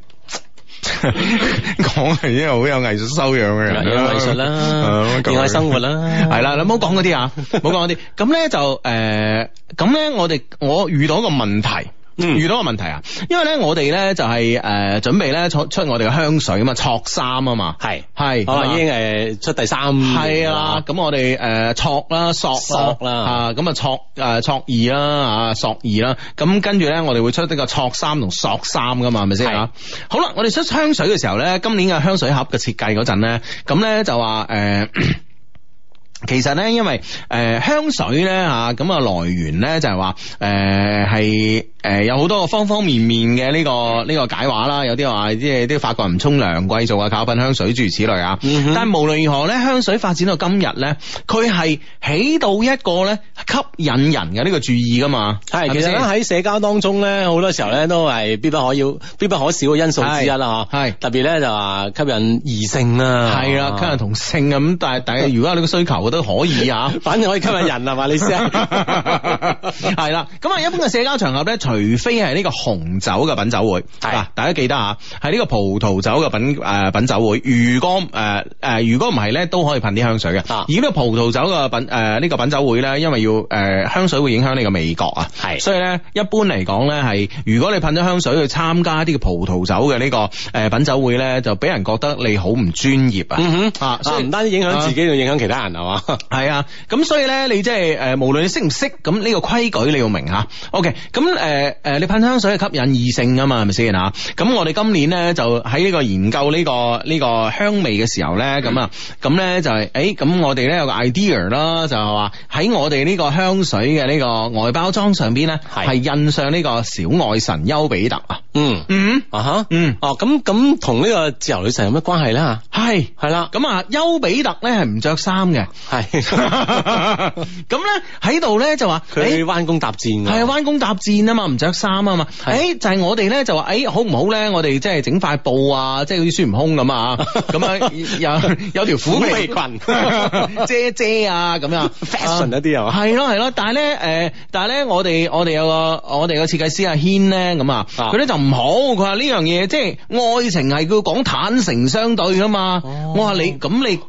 講 係因為好有藝術修養嘅人，有藝術啦，熱愛生活啦，係啦， 你唔好講嗰啲啊，唔好講嗰啲，咁咧就誒，咁咧我哋我遇到一個問題。嗯、遇到個問題啊，因為咧我哋咧就係、是、誒、呃、準備咧出出我哋嘅香水啊嘛，卓三啊嘛，係係，我哋已經誒出第三係、呃、啦，咁我哋誒卓啦，索啦，、啊、啦，啊咁啊卓誒卓二啦啊，索二啦，咁跟住咧我哋會出呢個卓三同索三噶嘛，係咪先啊？好啦，我哋出香水嘅時候咧，今年嘅香水盒嘅設計嗰陣咧，咁咧就話誒。呃 其實咧，因為誒香水咧吓，咁啊來源咧就係話誒係誒有好多個方方面面嘅呢個呢個解話啦，有啲話即係啲法國人唔沖涼，貴族啊靠噴香水諸如此類啊。但係無論如何咧，香水發展到今日咧，佢係起到一個咧吸引人嘅呢個注意噶嘛。係是其實喺社交當中咧，好多時候咧都係必不可少必不可少嘅因素之一啦。吓，係特別咧就話吸引異性啦，係啊吸引同性咁，但係但係如果你個需求。都可以啊，反正可以吸引人係嘛，你先係啦。咁啊，一般嘅社交場合咧，除非係呢個紅酒嘅品酒會，嗱的，大家記得啊，係呢個葡萄酒嘅品誒品酒會。如果誒誒、呃，如果唔係咧，都可以噴啲香水嘅。啊、而呢個葡萄酒嘅品誒呢、呃這個品酒會咧，因為要誒、呃、香水會影響你個味覺啊，係的，所以咧一般嚟講咧係，如果你噴咗香水去參加一啲嘅葡萄酒嘅呢、這個誒、呃、品酒會咧，就俾人覺得你好唔專業啊，以啊，所以唔單止影響自己，仲影響其他人係嘛。啊係啊，咁所以咧，你即係誒，無論你識唔識，咁、這、呢個規矩你要明吓。OK，咁誒誒，你噴香水係吸引異性噶嘛，係咪先啊？咁我哋今年咧就喺呢個研究呢個呢個香味嘅時候咧，咁啊、嗯，咁咧就係誒，咁、嗯哎、我哋咧有個 idea 啦，就係話喺我哋呢個香水嘅呢個外包裝上邊咧，係印上呢個小愛神丘比特啊。嗯嗯啊哈嗯。哦，咁咁同呢個自由女神有咩關係咧？吓係係啦，咁啊，丘比特咧係唔着衫嘅。係咁咧，喺度咧就話佢去彎弓搭箭，係啊彎弓搭箭啊嘛，唔着衫啊嘛。誒的、欸、就係、是、我哋咧就話誒、欸、好唔好咧？我哋即係整塊布啊，即係好似孫悟空咁啊，咁 樣有有條虎，虎皮裙遮遮 啊，咁樣 fashion 一啲係、啊啊呃啊就是、嘛？係咯係咯，但係咧誒，但係咧我哋我哋有個我哋個設計師阿軒咧咁啊，佢咧就唔好，佢話呢樣嘢即係愛情係叫講坦誠相對噶嘛。我話你咁你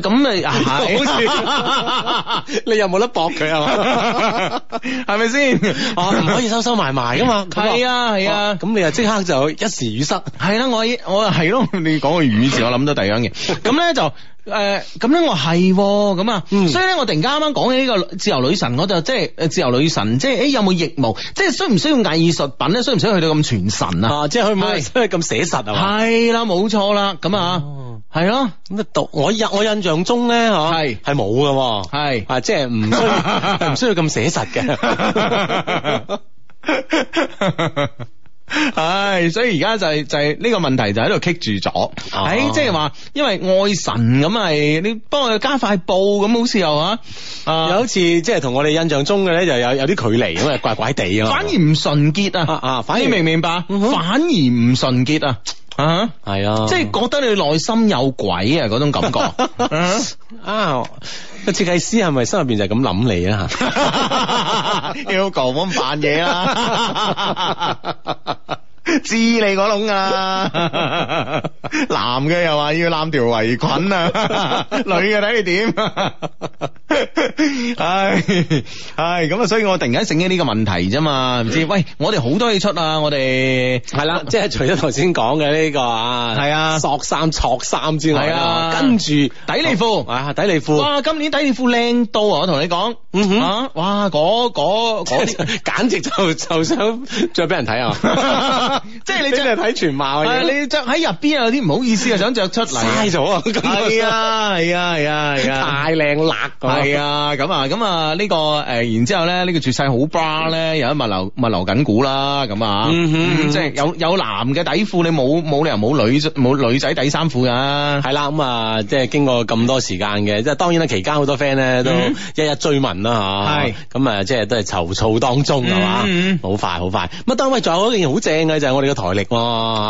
咁你 你又冇得搏佢啊嘛，係咪先？啊，唔可以收收埋埋噶嘛。係啊係啊，咁你又即刻就一時語塞。係啦， 我我係咯，你講個語字，我諗到第二樣嘢。咁咧 就。誒，咁咧、呃、我係咁啊，嗯、所以咧我突然間啱啱講起呢個自由女神，我就即係誒自由女神，即係誒有冇義務，即係需唔需要藝術品咧？需唔需要去到咁全神啊？即係去唔去即係咁寫實啊？係啦，冇錯啦，咁、嗯、啊，係咯，咁就讀我印我印象中咧，嗬 是，係係冇噶，係啊，是是即係唔需唔需要咁寫實嘅。 係、 哎，所以而家就係、是、就係、是、呢個問題就喺度棘住咗。誒、啊，即係話，因為愛神咁係，你幫我加塊布咁，好似又啊，又好似即係同我哋印象中嘅咧，就有有啲距離咁啊，怪怪哋啊。反而唔純潔啊，啊，反而明唔以明白，嗯、哼反而唔純潔啊。啊，係啊，即係覺得你內心有鬼啊，嗰種感覺。是是 啊，個設計師係咪心入邊就咁諗你啊？要咁扮嘢啦，知你個窿啊，男嘅又話要攬條圍裙啊， 女嘅睇你點。 唉，唉，咁啊，所以我突然間醒起呢個問題啫嘛，唔知喂，我哋好多嘢出啊，我哋係啦，即係除咗頭先講嘅呢個啊，係啊，索衫、卓衫之外，啊，跟住底呢褲啊，底呢褲，哇，今年底呢褲靚到啊，我同你講，啊，哇，嗰嗰嗰啲簡直就就想着俾人睇啊，即係你真係睇全貌，啊。你着喺入邊有啲唔好意思啊，想着出嚟，嘥咗啊，係啊，係啊，係啊，係啊，太靚辣啊，咁啊，咁啊，呢、這個誒、呃，然之後咧，呢、這個絕世好 bra 咧，又喺物流物流緊股啦，咁啊，嗯哼嗯、即係有有男嘅底褲，你冇冇理由冇女冇女仔底衫褲㗎，係啦，咁啊，啊嗯、即係經過咁多時間嘅，即係當然啦，期間好多 friend 咧都日日追問啦，係、嗯，咁啊，是即係都係籌措當中係嘛，好快好快，乜？但係喂，仲有一件好正嘅就係、是、我哋嘅台曆，係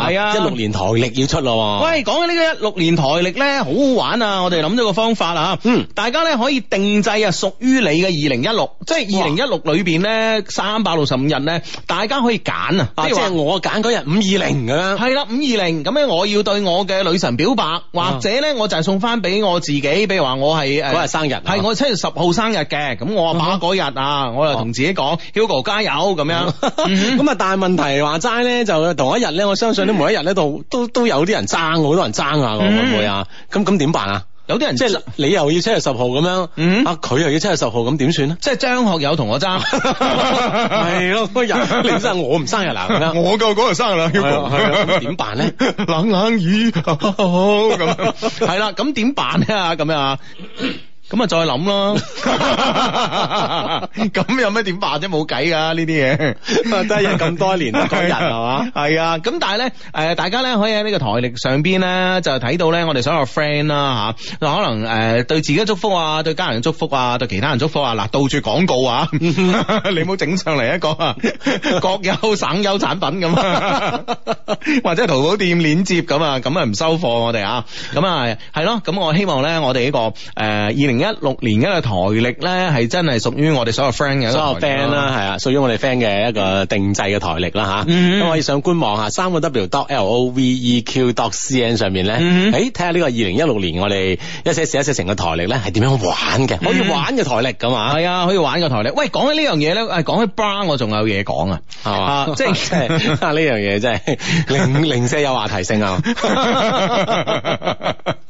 啊，一、啊、六年台曆要出咯、啊，喂，講緊呢個一六年台曆咧，好好玩啊，我哋諗咗個方法啊，嗯，大家咧可以定。控制啊，屬於你嘅二零一六，即係二零一六裏邊咧，三百六十五日咧，大家可以揀啊，即係我揀嗰日五二零咁樣，係啦五二零，咁咧我要對我嘅女神表白，或者咧我就係送翻俾我自己，比如話我係嗰、啊啊、日生日，係我七月十號生日嘅，咁我阿爸嗰日啊，我又同自己講、啊、Hugo 加油咁樣，咁啊、嗯、 但係問題話齋咧，就同一日咧，我相信咧每一日咧都、嗯、都都有啲人爭，好多人爭啊，會唔會啊？咁咁點辦啊？有啲人即係你又要七月十號咁樣，啊佢又要七月十號咁點算咧？即係張學友同我爭，係咯，你真係我唔生日啦，我夠嗰日生日啦，點辦咧？冷冷雨，好咁係啦，咁點辦咧？咁樣啊？咁啊，再諗咯。咁有咩點辦啫？冇計㗎呢啲嘢。咁啊，都係咁多年咁日係嘛。係啊。咁但係咧，誒，大家咧可以喺呢個台曆上邊咧，就睇到咧，我哋所有 friend 啦吓，可能誒，對自己嘅祝福啊，對家人祝福啊，對其他人祝福啊，嗱，到處廣告啊， 你唔好整上嚟一個各有省有產品咁，或者淘寶店鏈接咁、 嗯、啊，咁啊唔收貨我哋啊。咁啊，係咯。咁我希望咧、這個，我哋呢個誒二零。二零一六年嘅台曆咧，係真係屬於我哋所有 friend 嘅，所有 friend 啦，係啊，屬於我哋 friend 嘅一個定制嘅台曆啦吓。咁我以上官網下三個 w dot l o v e q dot c n 上面咧，誒、嗯，睇下呢個二零一六年我哋一寫寫一寫成嘅台曆咧係點樣玩嘅，可以玩嘅台曆噶嘛？係啊、嗯，可以玩嘅台曆。喂，講起呢樣嘢咧，誒，講起 bar 我仲有嘢講啊，係嘛、就是？即係呢樣嘢真係零零舍有話題性啊。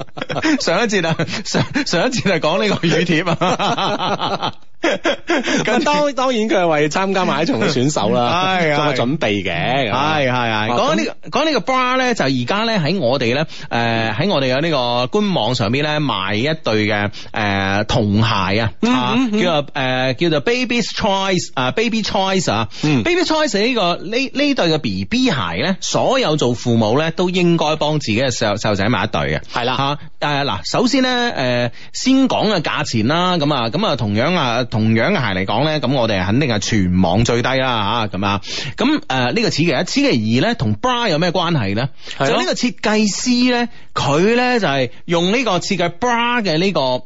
上一節啊，上上一節就講呢個語帖啊。咁當 當然佢係為參加馬拉松嘅選手啦，做個 準備嘅。係係係，講呢個講呢個 bra 咧，就而家咧喺我哋咧，誒喺我哋嘅呢個官網上邊咧，賣一對嘅誒童鞋啊、嗯嗯，叫做誒叫做 Baby Choice 啊、嗯、，Baby Choice 啊，Baby Choice 呢個呢呢對嘅 B B 鞋咧，所有做父母咧都應該幫自己嘅細路細路仔買一對嘅。係啦的，吓誒嗱，首先咧，誒先講嘅價錢啦，咁啊咁啊，同樣啊。同樣嘅鞋嚟講咧，咁我哋肯定係全網最低啦吓，咁啊，咁、啊、誒、這個、呢個此其一、此其二咧，同 bra 有咩關係咧的？就呢、是、個設計師咧，佢咧就係用呢個設計 bra 嘅呢個誒，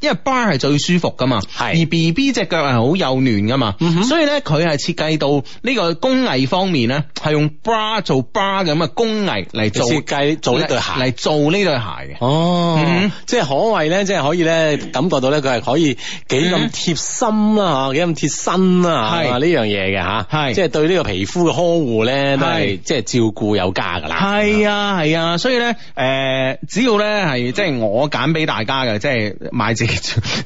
因為 bra 係最舒服噶嘛，係的。而 B B 隻腳係好幼嫩噶嘛，嗯、哼所以咧佢係設計到呢個工藝方面咧，係用 bra 做 bra 咁嘅工藝嚟做設計做呢對鞋嚟做呢對鞋嘅。哦，即係可謂咧，即係可，可以咧感覺到咧，佢係可以幾咁貼心啊，幾咁貼身啦，吓呢樣嘢嘅吓，即係對呢個皮膚嘅呵護咧，都係即係照顧有加噶啦，係啊係啊，所以咧誒，只要咧係即係我揀俾大家嘅，即係買自己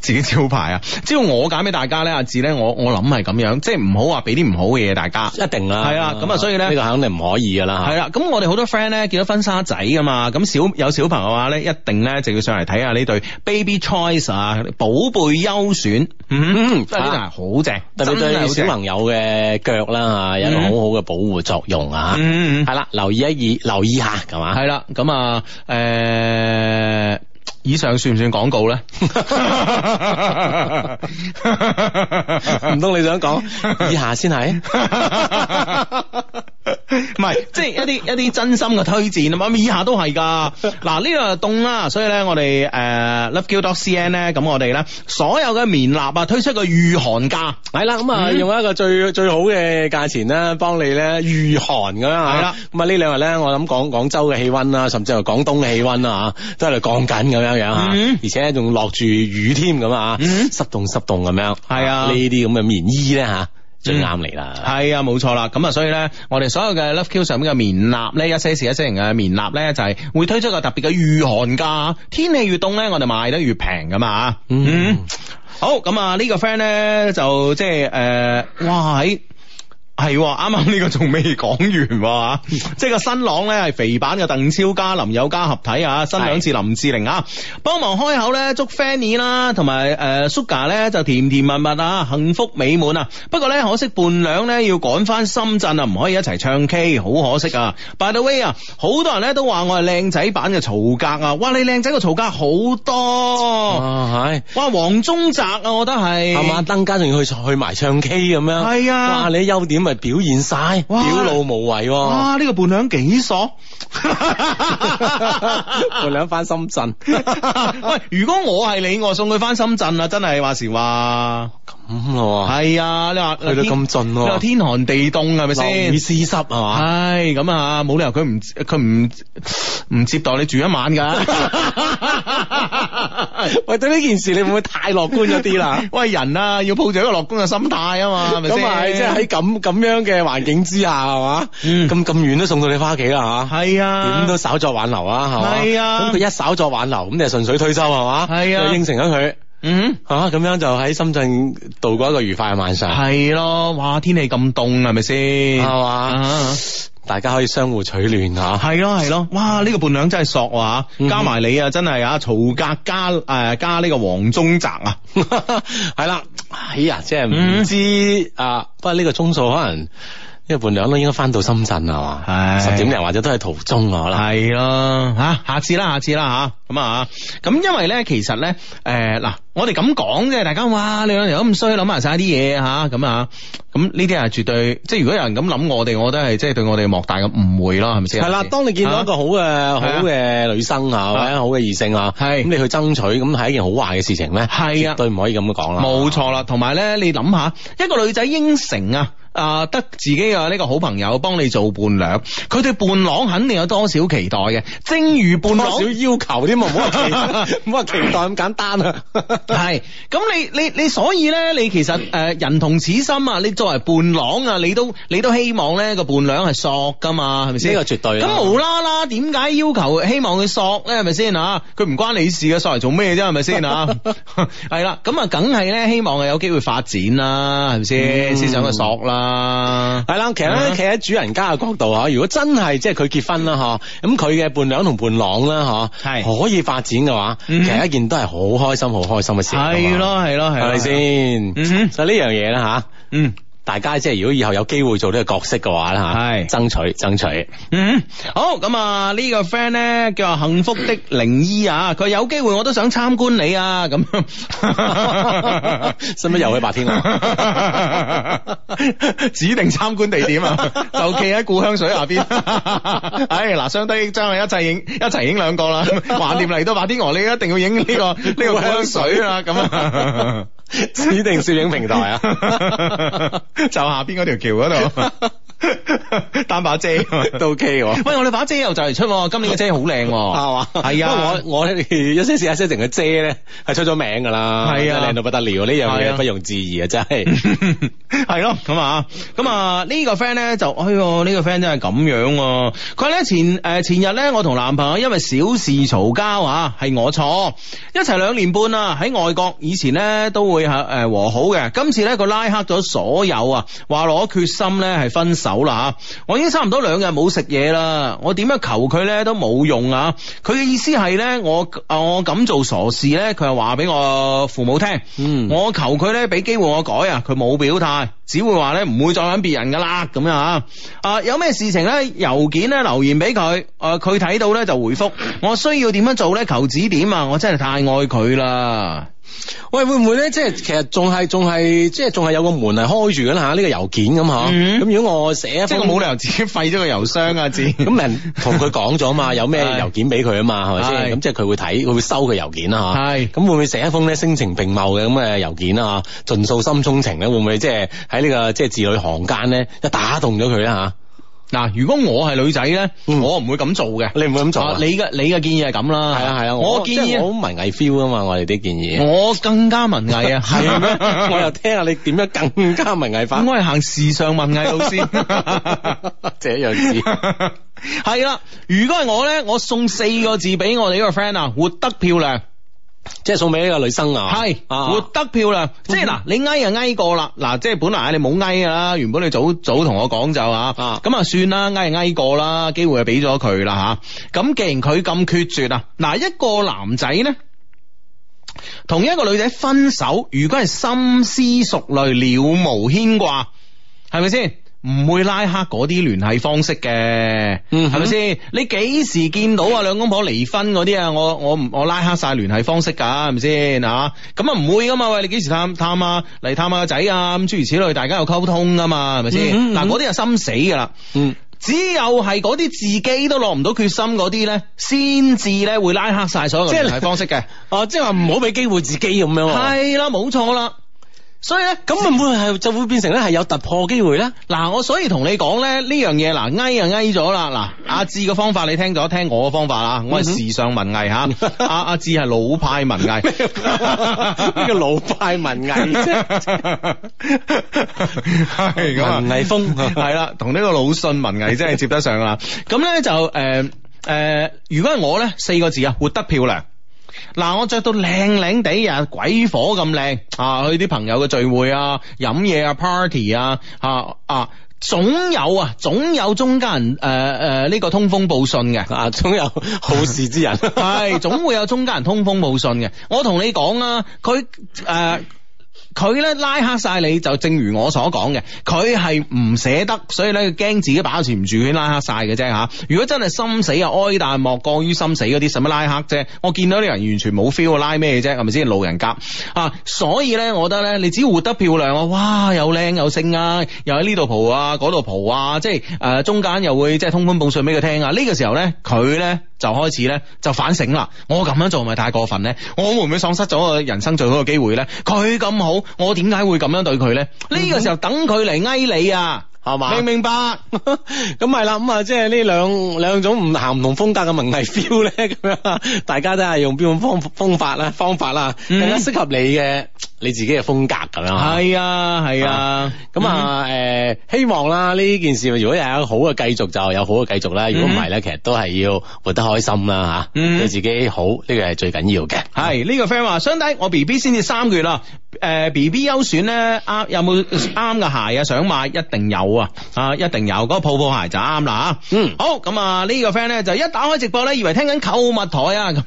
自己招牌啊。只要我揀俾大家咧，阿志咧，我我諗係咁樣，即係唔好話俾啲唔好嘅嘢大家，一定啦，係啊，咁啊，所以咧呢個肯定唔可以噶啦，係啦。咁我哋好多 friend 咧見到婚紗仔噶嘛，咁小有小朋友話咧，一定咧就要上嚟睇下呢對 Baby Choice 啊，寶貝優選嗯，真係好正，特別對小朋友嘅腳啦，吓有一個好好嘅保護作用啊，嗯，係啦了、嗯，留意一二，留意下，係嘛，係啦，咁、呃、啊，誒。以上算唔算廣告咧？唔通你想講以下先係？唔係，即係一啲一啲真心嘅推薦啊嘛！以下都係噶。嗱，呢度係凍啦，所以咧，我哋誒 LoveQDocCN 咧，咁我哋咧，所有嘅棉衲啊，推出個御寒價，係啦，咁啊，用一個最最好嘅價錢咧，幫你咧御寒咁樣係啦吓。咁啊，呢兩日咧，我諗講廣州嘅氣溫啦，甚至係廣東嘅氣溫啊吓，都係嚟降緊咁樣。咁樣啊，mm hmm。而且仲落住雨添咁啊，濕凍濕凍咁樣，係、hmm。啊，Yeah. 呢啲咁嘅棉衣咧嚇最啱你啦，係啊，冇錯啦，咁啊，所以咧，我哋所有嘅 Love Q 上面嘅棉衲咧，一些事一些情嘅棉衲咧，就係會推出個特別嘅御寒價，天氣越凍咧，我哋賣得越平噶嘛啊，嗯、mm，hmm。好，咁啊，呢個 friend 咧就即係誒、呃，哇喺～係啱啱呢個仲未講完啊！即係個新郎咧係肥版嘅鄧超、加林有加合體啊！新娘似林志玲啊！幫忙開口咧，祝 Fanny 啦、啊，同埋誒、呃、Suga 咧就甜甜蜜蜜啊，幸福美滿啊！不過咧可惜伴娘咧要趕翻深圳啊，唔可以一齊唱 K，好可惜啊！By the way 啊，好多人咧都話我係靚仔版嘅曹格啊！哇，你靚仔個曹格好多、啊，係、啊、哇，黃宗澤啊，我覺得係阿馬登家仲要去去埋唱 K 咁樣，係啊的！哇，你優點啊～表現晒，表露無遺、啊。哇，呢、這個伴娘幾爽，伴娘翻深圳。 喂，如果我係你，我送佢翻深圳啊！真係話時話。咁啊，係啊，你話去到咁盡，你話天寒地凍係咪先？漏雨濕濕係嘛？係咁啊，冇理由佢唔佢唔唔接待你住一晚噶。喂，對呢件事你會唔會太樂觀咗啲啦？喂，人啊，要抱住一個樂觀嘅心態啊嘛，咁啊，即係喺咁咁樣嘅環境之下係嘛？咁咁遠都送到你返屋企啦吓，係啊，點都稍作挽留啊，係啊，咁佢一稍作挽留，咁你順水推舟係嘛？係啊，應承咗佢。嗯，吓咁、mm hmm. 啊、樣就喺深圳度過一個愉快嘅晚上。係咯，哇，天氣咁凍係咪先？係嘛，啊、大家可以相互取暖吓。係咯係咯，哇，呢、呢個伴娘真係索啊，加埋你啊，真係啊，曹格加誒加呢個黃宗澤啊，係啦，哎呀，即係唔知、mm hmm. 啊，不過呢個鐘數可能。一伴娘都應該翻到深圳啦嘛，十點零或者都喺途中可能。係咯，吓下次啦，下次啦吓。咁啊，咁因為咧，其實咧，誒、呃、嗱，我哋咁講啫，大家哇，你兩爺都咁衰，諗埋晒啲嘢吓，咁啊，咁呢啲係絕對，即係如果有人咁諗我哋，我覺得係即係對我哋莫大嘅誤會咯，係咪先？係啦，當你見到一個好嘅，啊、好嘅女生啊，啊或者好嘅異性啊，係咁的你去爭取，咁係一件好壞嘅事情咩？係絕對唔可以咁講啦。冇錯啦，同埋咧，你諗下一個女仔應承啊。啊、呃，得自己嘅呢個好朋友幫你做伴娘，佢對伴郎肯定有多少期待嘅？正如伴郎少，多少要求添啊？唔好話期待咁簡單啊！係 咁，你你你，所以咧，你其實誒，uh, 人同此心啊！你作為伴郎啊，你都你都希望咧個伴娘係索噶嘛？係咪先？呢個絕對咁 無啦啦，點解要求希望佢索咧？係咪先啊？佢唔關你事嘅，索嚟做咩啫？係咪先啊？係啦，咁 啊，梗係咧希望有機會發展啦，係咪先？思想嘅索啦。啊，係啦，其實咧，企喺、uh, 主人家嘅角度吓，如果真係即係佢結婚啦，嗬、uh，咁佢嘅伴娘同伴郎啦，嗬、uh，係、huh. 可以發展嘅話，uh huh. 其實一件都係好開心、好開心嘅事，係咯、uh，係、huh. 咯吧，係咪先？嗯、huh.，就呢樣嘢啦，吓，嗯。大家即係如果以後有機會做呢個角色嘅話啦吓，係爭取爭取。爭取嗯，好咁啊呢個 friend 咧叫幸福的靈醫啊，佢 有機會我都想參觀你啊咁。使唔使又去白天鵝？ 指定參觀地點啊，就企喺故鄉水下邊。唉、 哎，嗱，相低將我一齊影一齊影兩個啦，橫掂嚟到白天鵝你一定要影呢、這個呢 個故鄉水啊。咁啊。 指定攝影平台啊！ 就下邊嗰條橋嗰度，擔 把遮都 OK 喎。 喂，我哋把遮又就嚟出，今年嘅遮好靚喎，係嘛？係啊，我我有時試下西成嘅遮咧，係出咗名㗎啦。係啊，靚到不得了，呢 樣嘢不容置疑啊！真係係咯，咁啊，咁啊，呢個 friend 咧就，哎喲，呢、呢個 friend 真係咁樣、啊。佢咧前誒前日咧，我同男朋友因為小事嘈交啊，係我錯，一齊兩年半啦，喺外國以前咧都會。誒和好嘅，今次呢，佢拉黑咗所有啊，話攞決心呢，係分手啦。我已經差唔多兩日冇食嘢啦，我點樣求佢呢？都冇用啊。佢嘅意思係呢，我我咁做傻事呢，佢又話俾我父母聽。嗯，我求佢呢，俾機會我改啊，佢冇表態，只會話呢，唔會再揾別人噶啦咁樣吓。啊。啊，有咩事情呢？郵件呢留言俾佢，誒佢睇到呢就回覆。我需要點樣做呢？求指點啊！我真係太愛佢啦。喂，會唔會咧？即係其實仲係仲係，即係仲係有個門係開住嘅啦吓，呢、啊這個郵件咁嗬。咁、啊嗯、如果我寫一封，冇理由自己廢咗個郵箱啊，字咁、 啊、人同佢講咗嘛，有咩郵件俾佢啊嘛，係咪先？咁吧是即係佢會睇，佢會收佢郵件啊。吓是。係，咁會唔會寫一封咧？聲情並茂嘅咁嘅郵件啊吓，盡訴心中情咧，會唔會即係喺呢個即係字裏行間咧，一打動咗佢啊。吓？嗱，如果我係女仔咧，我唔會咁做嘅、啊。你唔會咁做？你嘅你嘅建議係咁啦。係啊係啊，我建議好文藝 feel 啊嘛，我哋啲建議。我更加文藝啊，係啊。我又聽下你點樣更加文藝化。我係行時尚文藝路線， 這樣子。係 啦、啊，如果係我咧，我送四個字俾我哋呢個 friend 啊，活得漂亮。即係送俾呢個女生啊，係活得漂亮。即係嗱，你挨就挨過啦。嗱，即係本來啊，你冇挨噶啦。原本你早早同我講就吓，咁啊就算啦，挨就挨過啦，機會就俾咗佢啦吓。咁、啊、既然佢咁決絕啊，嗱，一個男仔咧，同一個女仔分手，如果係深思熟慮、了無牽掛，係咪先？唔會拉黑嗰啲聯繫方式嘅，嗯，係咪先？你幾時見到啊？兩公婆離婚嗰啲啊？我我我拉黑晒聯繫方式噶，係咪先啊？咁啊唔會噶嘛？喂，你幾時探探啊？嚟探下仔啊？咁諸如此類，大家有溝通噶嘛？係咪先？嗱，嗰啲係心死噶啦，嗯，只有係嗰啲自己都落唔到決心嗰啲咧，先至咧會拉黑晒所有聯繫方式嘅。哦，啊，即係話唔好俾機會自己咁樣。係啦，冇錯啦。所以咧，咁咪會係就會變成咧，係有突破機會咧。嗱，我所以同你講咧呢樣嘢，嗱，呓啊呓咗啦。嗱，阿志嘅方法你聽咗，聽我嘅方法啦。我係時尚文藝吓、啊 啊，阿阿志係老派文藝，呢個老派文藝啫，係文藝風係啦，同呢個魯迅文藝真係接得上啦。咁咧 就誒誒、呃呃，如果係我咧四個字啊，活得漂亮。嗱、啊，我着到靚靚地啊，鬼火咁靚啊，去啲朋友嘅聚會啊，飲嘢啊，party 啊啊啊，總有啊，總有中間人誒誒，呢、呃呃呢個通風報信嘅啊，總有好事之人，係 總會有中間人通風報信嘅，我同你講啊，佢誒。呃佢咧拉黑晒，你就正如我所講嘅，佢係唔捨得，所以咧佢驚自己把持唔住，佢拉黑晒嘅啫吓。如果真係心死啊，哀但莫過於心死嗰啲，使乜拉黑啫？我見到啲人完全冇 feel，拉咩啫？係咪先路人甲啊？所以咧，我覺得咧，你只要活得漂亮啊，哇，又靚又盛啊，又喺呢度蒲啊，嗰度蒲啊，即係誒、呃、中間又會即係通風報信俾佢聽啊。呢、這個時候咧，佢咧就開始咧就反省啦。我咁樣做係咪太過分咧？我會唔會喪失咗個人生最好嘅機會咧？佢咁好。我點解會咁樣對佢咧？呢個時候等佢嚟挨你啊！係嘛？明明白咁係啦，咁啊白，即係呢兩兩種唔行唔同風格嘅文藝 feel 咧，咁樣，大家都係用邊種方方法啦，方法啦，更加適合你嘅你自己嘅風格咁樣。係、嗯、啊，係啊，咁、嗯、啊，誒、呃，希望啦呢件事，如果有好嘅繼，繼續，就有好嘅繼續啦。如果唔係咧，嗯、其實都係要活得開心啦，吓、啊，嗯、對自己好，呢、這個係最緊要嘅。係呢是、嗯、個 friend 話，兄弟，我 B B 先至三個月啦，誒，B B 優選咧，啱、啊、有冇啱嘅鞋啊？想買一定有。啊，啊一定有嗰個泡泡鞋就啱啦吓。嗯，好咁啊，這個、呢個 friend 咧就一打開直播咧，以為聽緊購物台啊咁。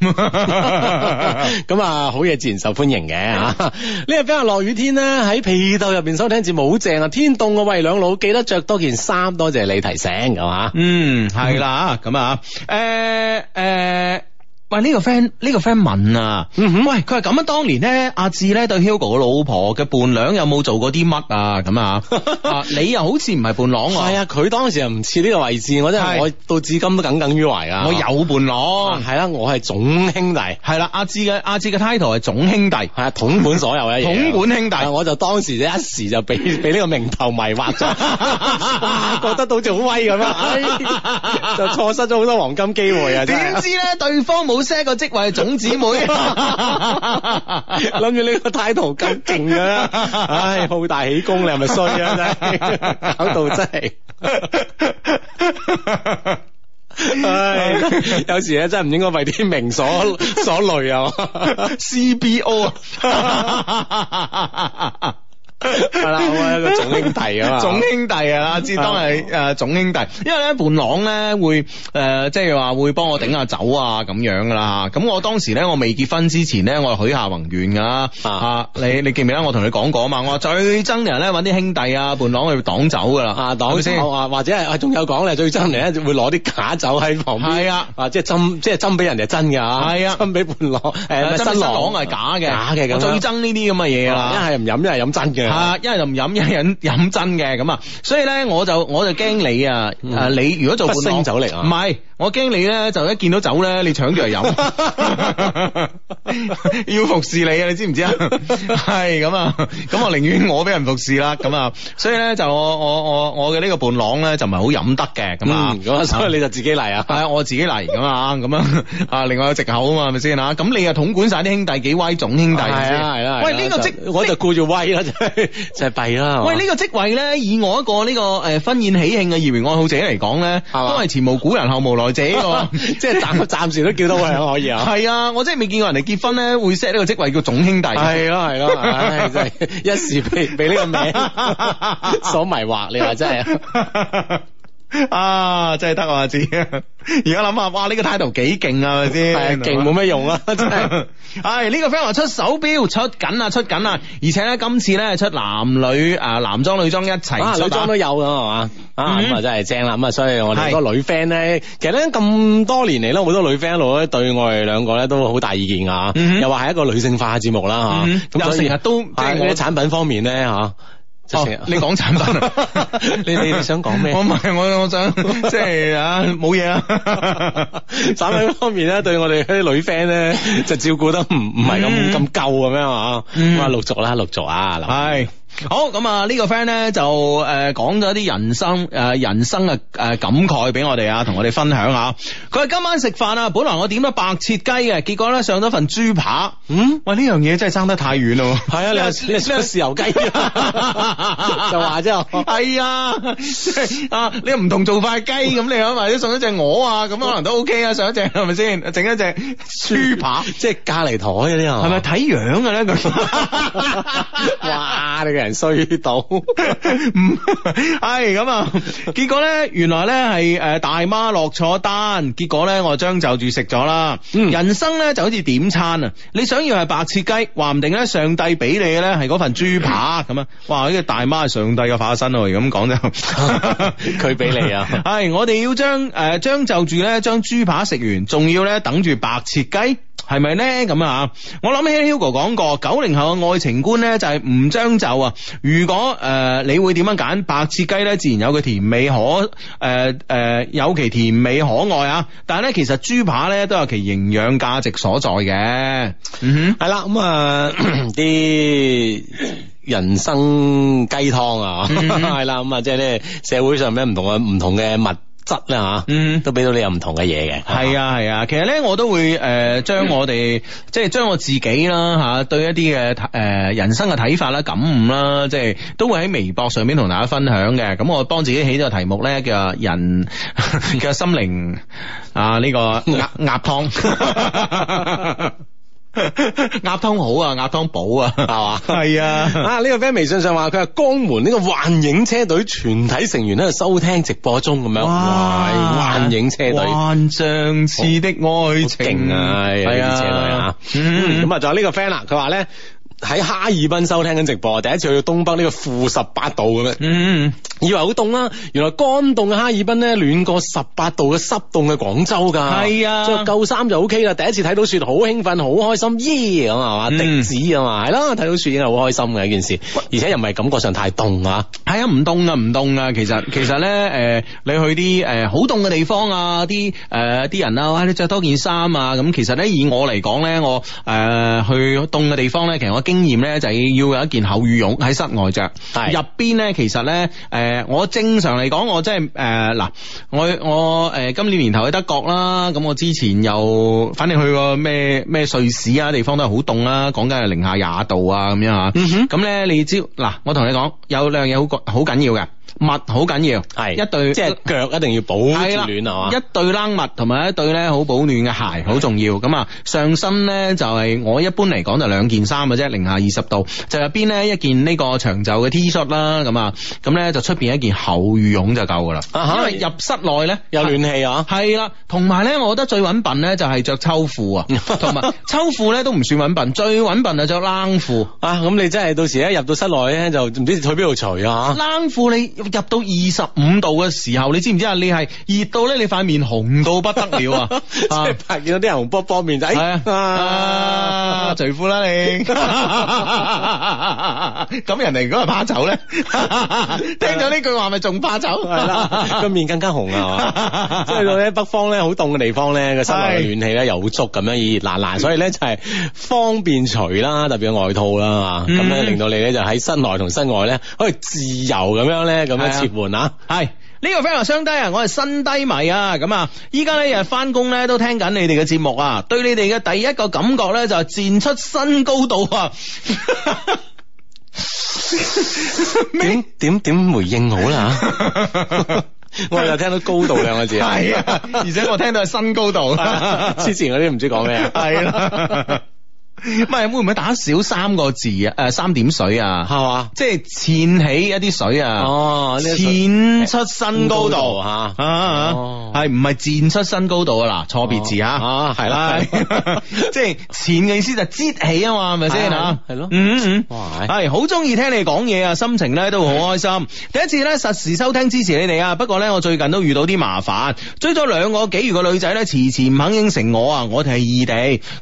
咁 啊，好嘢自然受歡迎嘅吓。呢的、啊、日比較落雨天咧，喺被竇入邊收聽節目好正啊。天凍嘅喂兩老記得着多件衫，多謝你提醒咁吓。啊、嗯，係啦吓咁啊，誒誒、 嗯。喂，呢個 friend 呢個 friend 問啊，喂，佢係咁啊，當年呢，阿志呢對 Hugo 嘅老婆嘅伴娘有冇做過啲乜啊？咁啊，你又好似唔係伴郎啊？係啊，佢當時又唔似呢個位置，我真係我到至今都耿耿於懷啊。我有伴郎，係啦，我係總兄弟，係啦，阿志嘅阿志嘅 title 係總兄弟，係啊，統管所有嘅嘢，統管兄弟，我就當時一時就俾俾呢個名頭迷惑咗，覺得好似好威咁啊，就錯失咗好多黃金機會啊！點知咧，對方冇。冇 set 個職位係總姊妹，諗住你個態度咁勁嘅，唉，好大喜功，你係咪衰啊？真係搞到真係，唉，有時咧真係唔應該為啲名所所累啊，C B O 啊。係 啦、嗯，我係一個總兄弟啊嘛，總兄弟啊，即係當係誒總兄弟，因為咧伴郎咧會誒即係話會幫我頂下酒啊咁樣噶啦吓。咁我當時咧我未結婚之前咧，我係許下宏願噶吓。你你記唔記得我同你講過啊嘛？我話最憎人咧搵啲兄弟啊伴郎去擋酒噶啦吓，擋、啊、酒是是啊或者係仲有講咧最憎人咧會攞啲假酒喺旁邊，啊啊即係斟即係斟俾人哋真嘅吓，係啊斟俾伴郎誒新郎係假嘅假嘅咁，最憎呢啲咁嘅嘢啦，一係唔飲一係飲真嘅。啊！一係就唔飲，一係飲飲真嘅咁啊。所以咧，我就我就驚你啊！誒、啊，你、嗯、如果你做半升酒嚟唔係我驚你咧，就一見到酒咧，你搶住嚟飲，要服侍你啊！你知唔知啊？係咁啊，咁我寧願我俾人服侍啦。咁啊，所以咧就我我我我嘅呢個伴郎咧就唔係好飲得嘅咁啊。所以你就自己嚟啊，我自己嚟咁啊。咁啊，啊，另外有藉口啊嘛，係咪先嚇？咁你又統管晒啲兄弟幾威？總兄弟係喂，呢個即我就顧住威啦。就係弊啦，喂，呢個職位咧，以我一個呢個誒婚宴喜慶嘅業餘愛好者嚟講咧，都係前無古人後無來者呢個，即係暫暫時都叫到位可以啊。係啊，我真係未見過人哋結婚咧會 set 呢個職位叫總兄弟，係咯，係咯，真係一時被被呢個名所迷惑，你話真係。啊，真係得我啊知。而家諗下，哇，呢個態度幾勁啊，係咪先？係勁冇咩用啊，真係。唉，呢個 friend 話出手表出緊啊，出緊啊，而且咧今次咧出男女啊，男裝女裝一齊，女裝都有噶係嘛？啊，咁啊真係正啦。咁啊，所以我哋嗰個女 friend 咧，其實咧咁多年嚟咧，好多女 friend 一路咧對我哋兩個咧都好大意見啊！又話係一個女性化嘅節目啦吓。咁有時都我產品方面咧吓。你講產品，你 你，你，你想講咩？我唔係，我我想 即係啊，冇嘢啊！產品方面咧，對我哋啲女 friend 咧，就照顧得唔唔係咁咁夠咁樣啊？咁啊，陸續啦，陸續啊，嗱。嗯好咁啊！呢個 friend 咧就誒講咗啲人生誒人生嘅誒感慨俾我哋啊，同我哋分享下。佢話今晚食飯啊，本來我點咗白切雞嘅，結果咧上咗份豬扒。嗯，喂，呢樣嘢真係爭得太遠咯。係 啊，你你食個豉油雞， 就話之後。係 啊，啊你又唔同做塊雞咁，你可唔可以送一隻鵝啊？咁可能都 OK 啊，上一隻係咪先？整一隻豬扒， 即係隔籬台啊。呢個、 是是樣呢係咪？係咪睇樣嘅咧？哇！你嘅。衰到係咁啊！結果咧，原來咧係誒大媽落錯單，結果咧我將就住食咗啦。嗯，人生咧就好似點餐啊，你想要係白切雞，話唔定咧上帝俾你咧係嗰份豬扒咁啊！ 哇，呢、這個大媽係上帝嘅化身咯，如果咁講就佢俾你啊！係 我哋要將誒將就住咧將豬扒食完，仲要咧等住白切雞。係咪咧咁啊？我諗起 Hugo 講過，九零後嘅愛情觀咧就係唔將就啊。如果誒、呃、你會點樣揀白切雞咧，自然有佢甜美可誒誒、呃呃，有其甜美可愛啊。但係咧，其實豬扒咧都有其營養價值所在嘅。嗯哼、mm，係啦咁啊，啲人生雞湯啊，係啦咁啊，即係咧社會上面唔同嘅唔同嘅物質啦嚇，嗯，都俾到你有唔同嘅嘢嘅。係啊係啊，啊，其實咧我都會誒將、呃、我哋、嗯、即係將我自己啦嚇、啊，對一啲嘅誒人生嘅睇法啦、感悟啦，即係都會喺微博上面同大家分享嘅。咁我幫自己起咗個題目咧，叫人嘅心靈啊呢、呢個鴨湯。 鴨湯 好啊，鴨湯補啊，係嘛？係啊，啊呢、這個 friend 微信上話佢係江門呢個幻影車隊全體成員喺度收聽直播中咁樣。哇！哇幻影車隊，幻象似的愛情好啊！幻、哎、呀啊，車隊啊，咁啊、嗯，仲、嗯嗯、有個 fan，呢個 friend 啊，佢話咧。喺哈爾濱收聽緊直播，第一次去到東北呢，呢個負十八度咁樣，嗯，以為好凍啦，原來乾凍嘅哈爾濱咧暖過十八度嘅濕凍嘅廣州噶，係啊，着夠衫就 O K 啦。第一次睇到雪好興奮，好開心，咦，yeah, 嗯，咁啊嘛，笛子啊嘛，係啦，睇到雪又好開心嘅一件事，而且又唔係感覺上太凍啊，係，哎呃呃，啊，唔凍啊，唔、呃、凍啊。其實其實咧，誒，你去啲誒好凍嘅地方啊，啲誒啲人啊，哇，你着多件衫啊。咁其實咧，以我嚟講咧，我誒、呃、去凍嘅地方咧，其實我經。經驗咧就要有一件厚羽絨喺室外着，係入邊咧其實咧誒、呃，我正常嚟講我真係誒嗱，我、就是呃、我誒、呃、今年年頭去德國啦，咁我之前又反正去過咩咩瑞士啊地方都係好凍啦，講緊係零下廿度啊咁樣、嗯、哼，咁咧你知嗱、呃，我同你講有兩樣嘢好覺好緊要嘅。襪好緊要，係是一對即係腳一定要保暖係的吧一對冷襪同埋一對咧好保暖嘅鞋好重要。咁啊的上身咧就係、是、我一般嚟講就兩件衫嘅啫，零下二十度就入邊咧一件呢個長袖嘅 T 恤啦，咁啊咁咧就出邊一件厚羽絨就夠噶啦。啊、哈因為入室內咧有暖氣啊，係啦，同埋咧我覺得最穩笨咧就係着秋褲啊，同埋秋褲咧都唔算穩笨，最穩笨就着冷褲啊。咁你真係到時一入到室內咧就唔知去邊度除啊。冷褲你。入到二十五度嘅時候，你知唔知啊？你係熱到咧，你塊面紅到不得了啊，啊 波波！即係拍見到啲人紅卜卜面仔，係啊，除褲啦你。咁 人哋如果係怕醜咧， 聽到呢句話咪仲怕醜係啦，個面更， 更加紅啊！即係 到咧北方咧，好凍嘅地方咧，個室 內暖氣咧又好足咁樣，熱辣辣，所以咧就係方便除啦，特別外套啦，咁咧令到你咧就喺室內同室外咧可以自由咁樣咧。咁樣切換啊，係呢個 friend 話相低啊，是低我係新低迷啊，咁啊，依家咧日翻工咧都聽緊你哋嘅節目啊，對你哋嘅第一個感覺咧就係、是、戰出新高度啊， 點點點回應好啦， 我又聽到高度兩個字，係 啊，而且我聽到係新高度， 之前嗰啲唔知講咩啊，係啦。唔係會唔會打少三個字啊？誒，三點水啊，係嘛？即係濺起一啲水啊？哦，濺出新高度吓啊？係唔係濺出新高度啊？嗱，錯別字啊？啊，係啦，即係濺嘅意思就擠起啊嘛？係咪先啊？係咯，嗯嗯，係好中意聽你哋講嘢啊，心情咧都好開心。第一次咧實時收聽支持你哋啊，不過咧我最近都遇到啲麻煩，追咗兩個幾月嘅女仔咧，遲遲唔肯應承我啊，我哋係異地，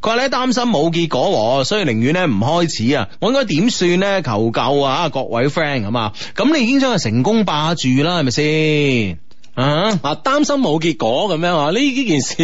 佢話咧擔心冇結果。所以寧願咧唔開始啊！我應該點算咧？求救啊！各位 friend 咁啊，咁你已經將佢成功霸住啦，係咪先？啊，啊擔心冇結果咁樣啊？呢呢件事，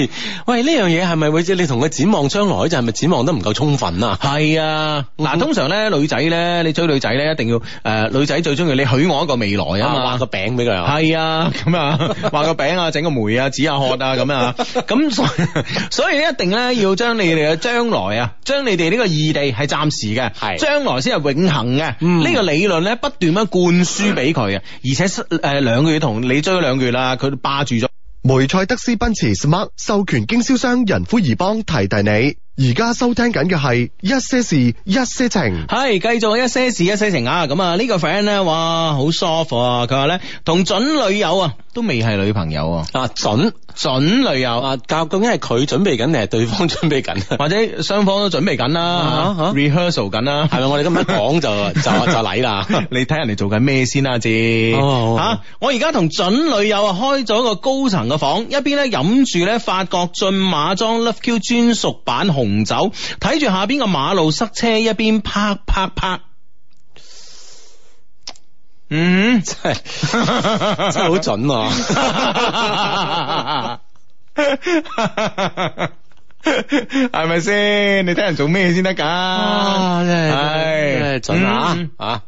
喂，呢樣嘢係咪會即你同佢展望將來，就係咪展望得唔夠充分啊？係、嗯、啊，嗱，通常咧女仔咧，你追女仔咧，一定要誒、呃，女仔最中意你許我一個未來啊嘛，畫個餅俾佢。係啊，咁啊，畫個餅啊，整個梅啊，紙啊鶴啊，咁 啊，咁所以所以一定咧要將你哋嘅將來啊，將你哋呢個異地係暫時嘅，係將來先係永恆嘅。呢、嗯嗯、個理論咧不斷咁灌輸俾佢啊，而且誒兩個月同你追咗兩個月啦。佢都霸住咗梅賽德斯奔馳 smart 授權經銷商仁孚宜邦提提你。而家收聽緊嘅係一些事一些情，係繼續一些事一些情啊！咁啊呢個 friend 咧，哇好 soft 啊！佢話咧同準女友啊都未係女朋友啊，啊準準女友啊，究竟係佢準備緊定係對方準備緊，或者雙方都準備緊啦，rehearsal 緊啦，係咪？我哋今日講就就就禮啦，你睇人哋做緊咩先啦？志吓，我而家同準女友啊開咗一個高層嘅房，一邊咧飲住咧法國駿馬莊 Love Q 專屬版紅。唔走，睇住下邊個馬路塞車一踏踏踏踏，一邊啪啪啪嗯，真係真係好準，係咪先？你睇人做咩先得噶？真係準唉、嗯、啊！啊！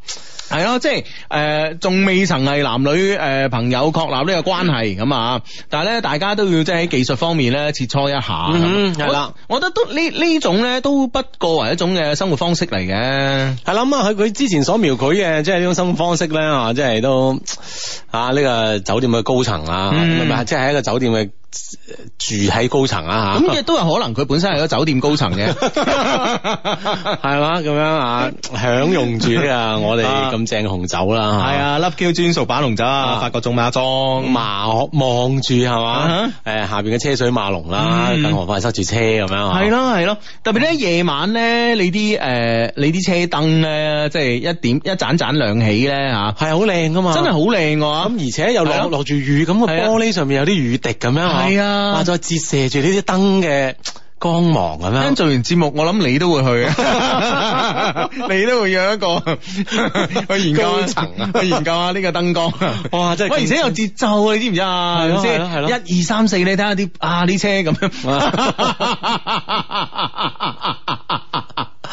係咯，即係誒，仲、呃、未曾係男女誒、呃、朋友確立呢個關係咁啊，但係咧大家都要即係喺技術方面咧切磋一下，係啦，我覺得都呢呢種咧都不過為一種嘅生活方式嚟嘅，係啦，咁啊佢佢之前所描繪嘅即係呢種生活方式咧啊，即係都啊呢個酒店嘅高層啊，嗯、即係一個酒店嘅。住喺高層啊，咁亦都有可能佢本身係個酒店高層嘅，係嘛咁樣啊，享用住啊我哋咁正紅酒啦，係啊，凹膠專屬版紅酒啊，法國鍾馬莊，望望住係嘛，誒下邊嘅車水馬龍啦，更何況係塞住車咁樣，係咯，係咯，特別咧夜晚咧，你啲誒你啲車燈咧，即係一點一盞盞亮起咧吓，係啊，好靚噶嘛，真係好靚噶，咁而且又落落住雨咁，個玻璃上面有啲雨滴咁樣。係啊，再折射住呢啲燈嘅光芒咁樣。做完節目，我諗你都會去， 你都會約一個去研究，去研究下呢個燈光。哇，即係，喂，而且有節奏，啊，你知唔知啊？係咯、啊，係咯、啊，一二三四，你睇下啲啊啲車咁樣。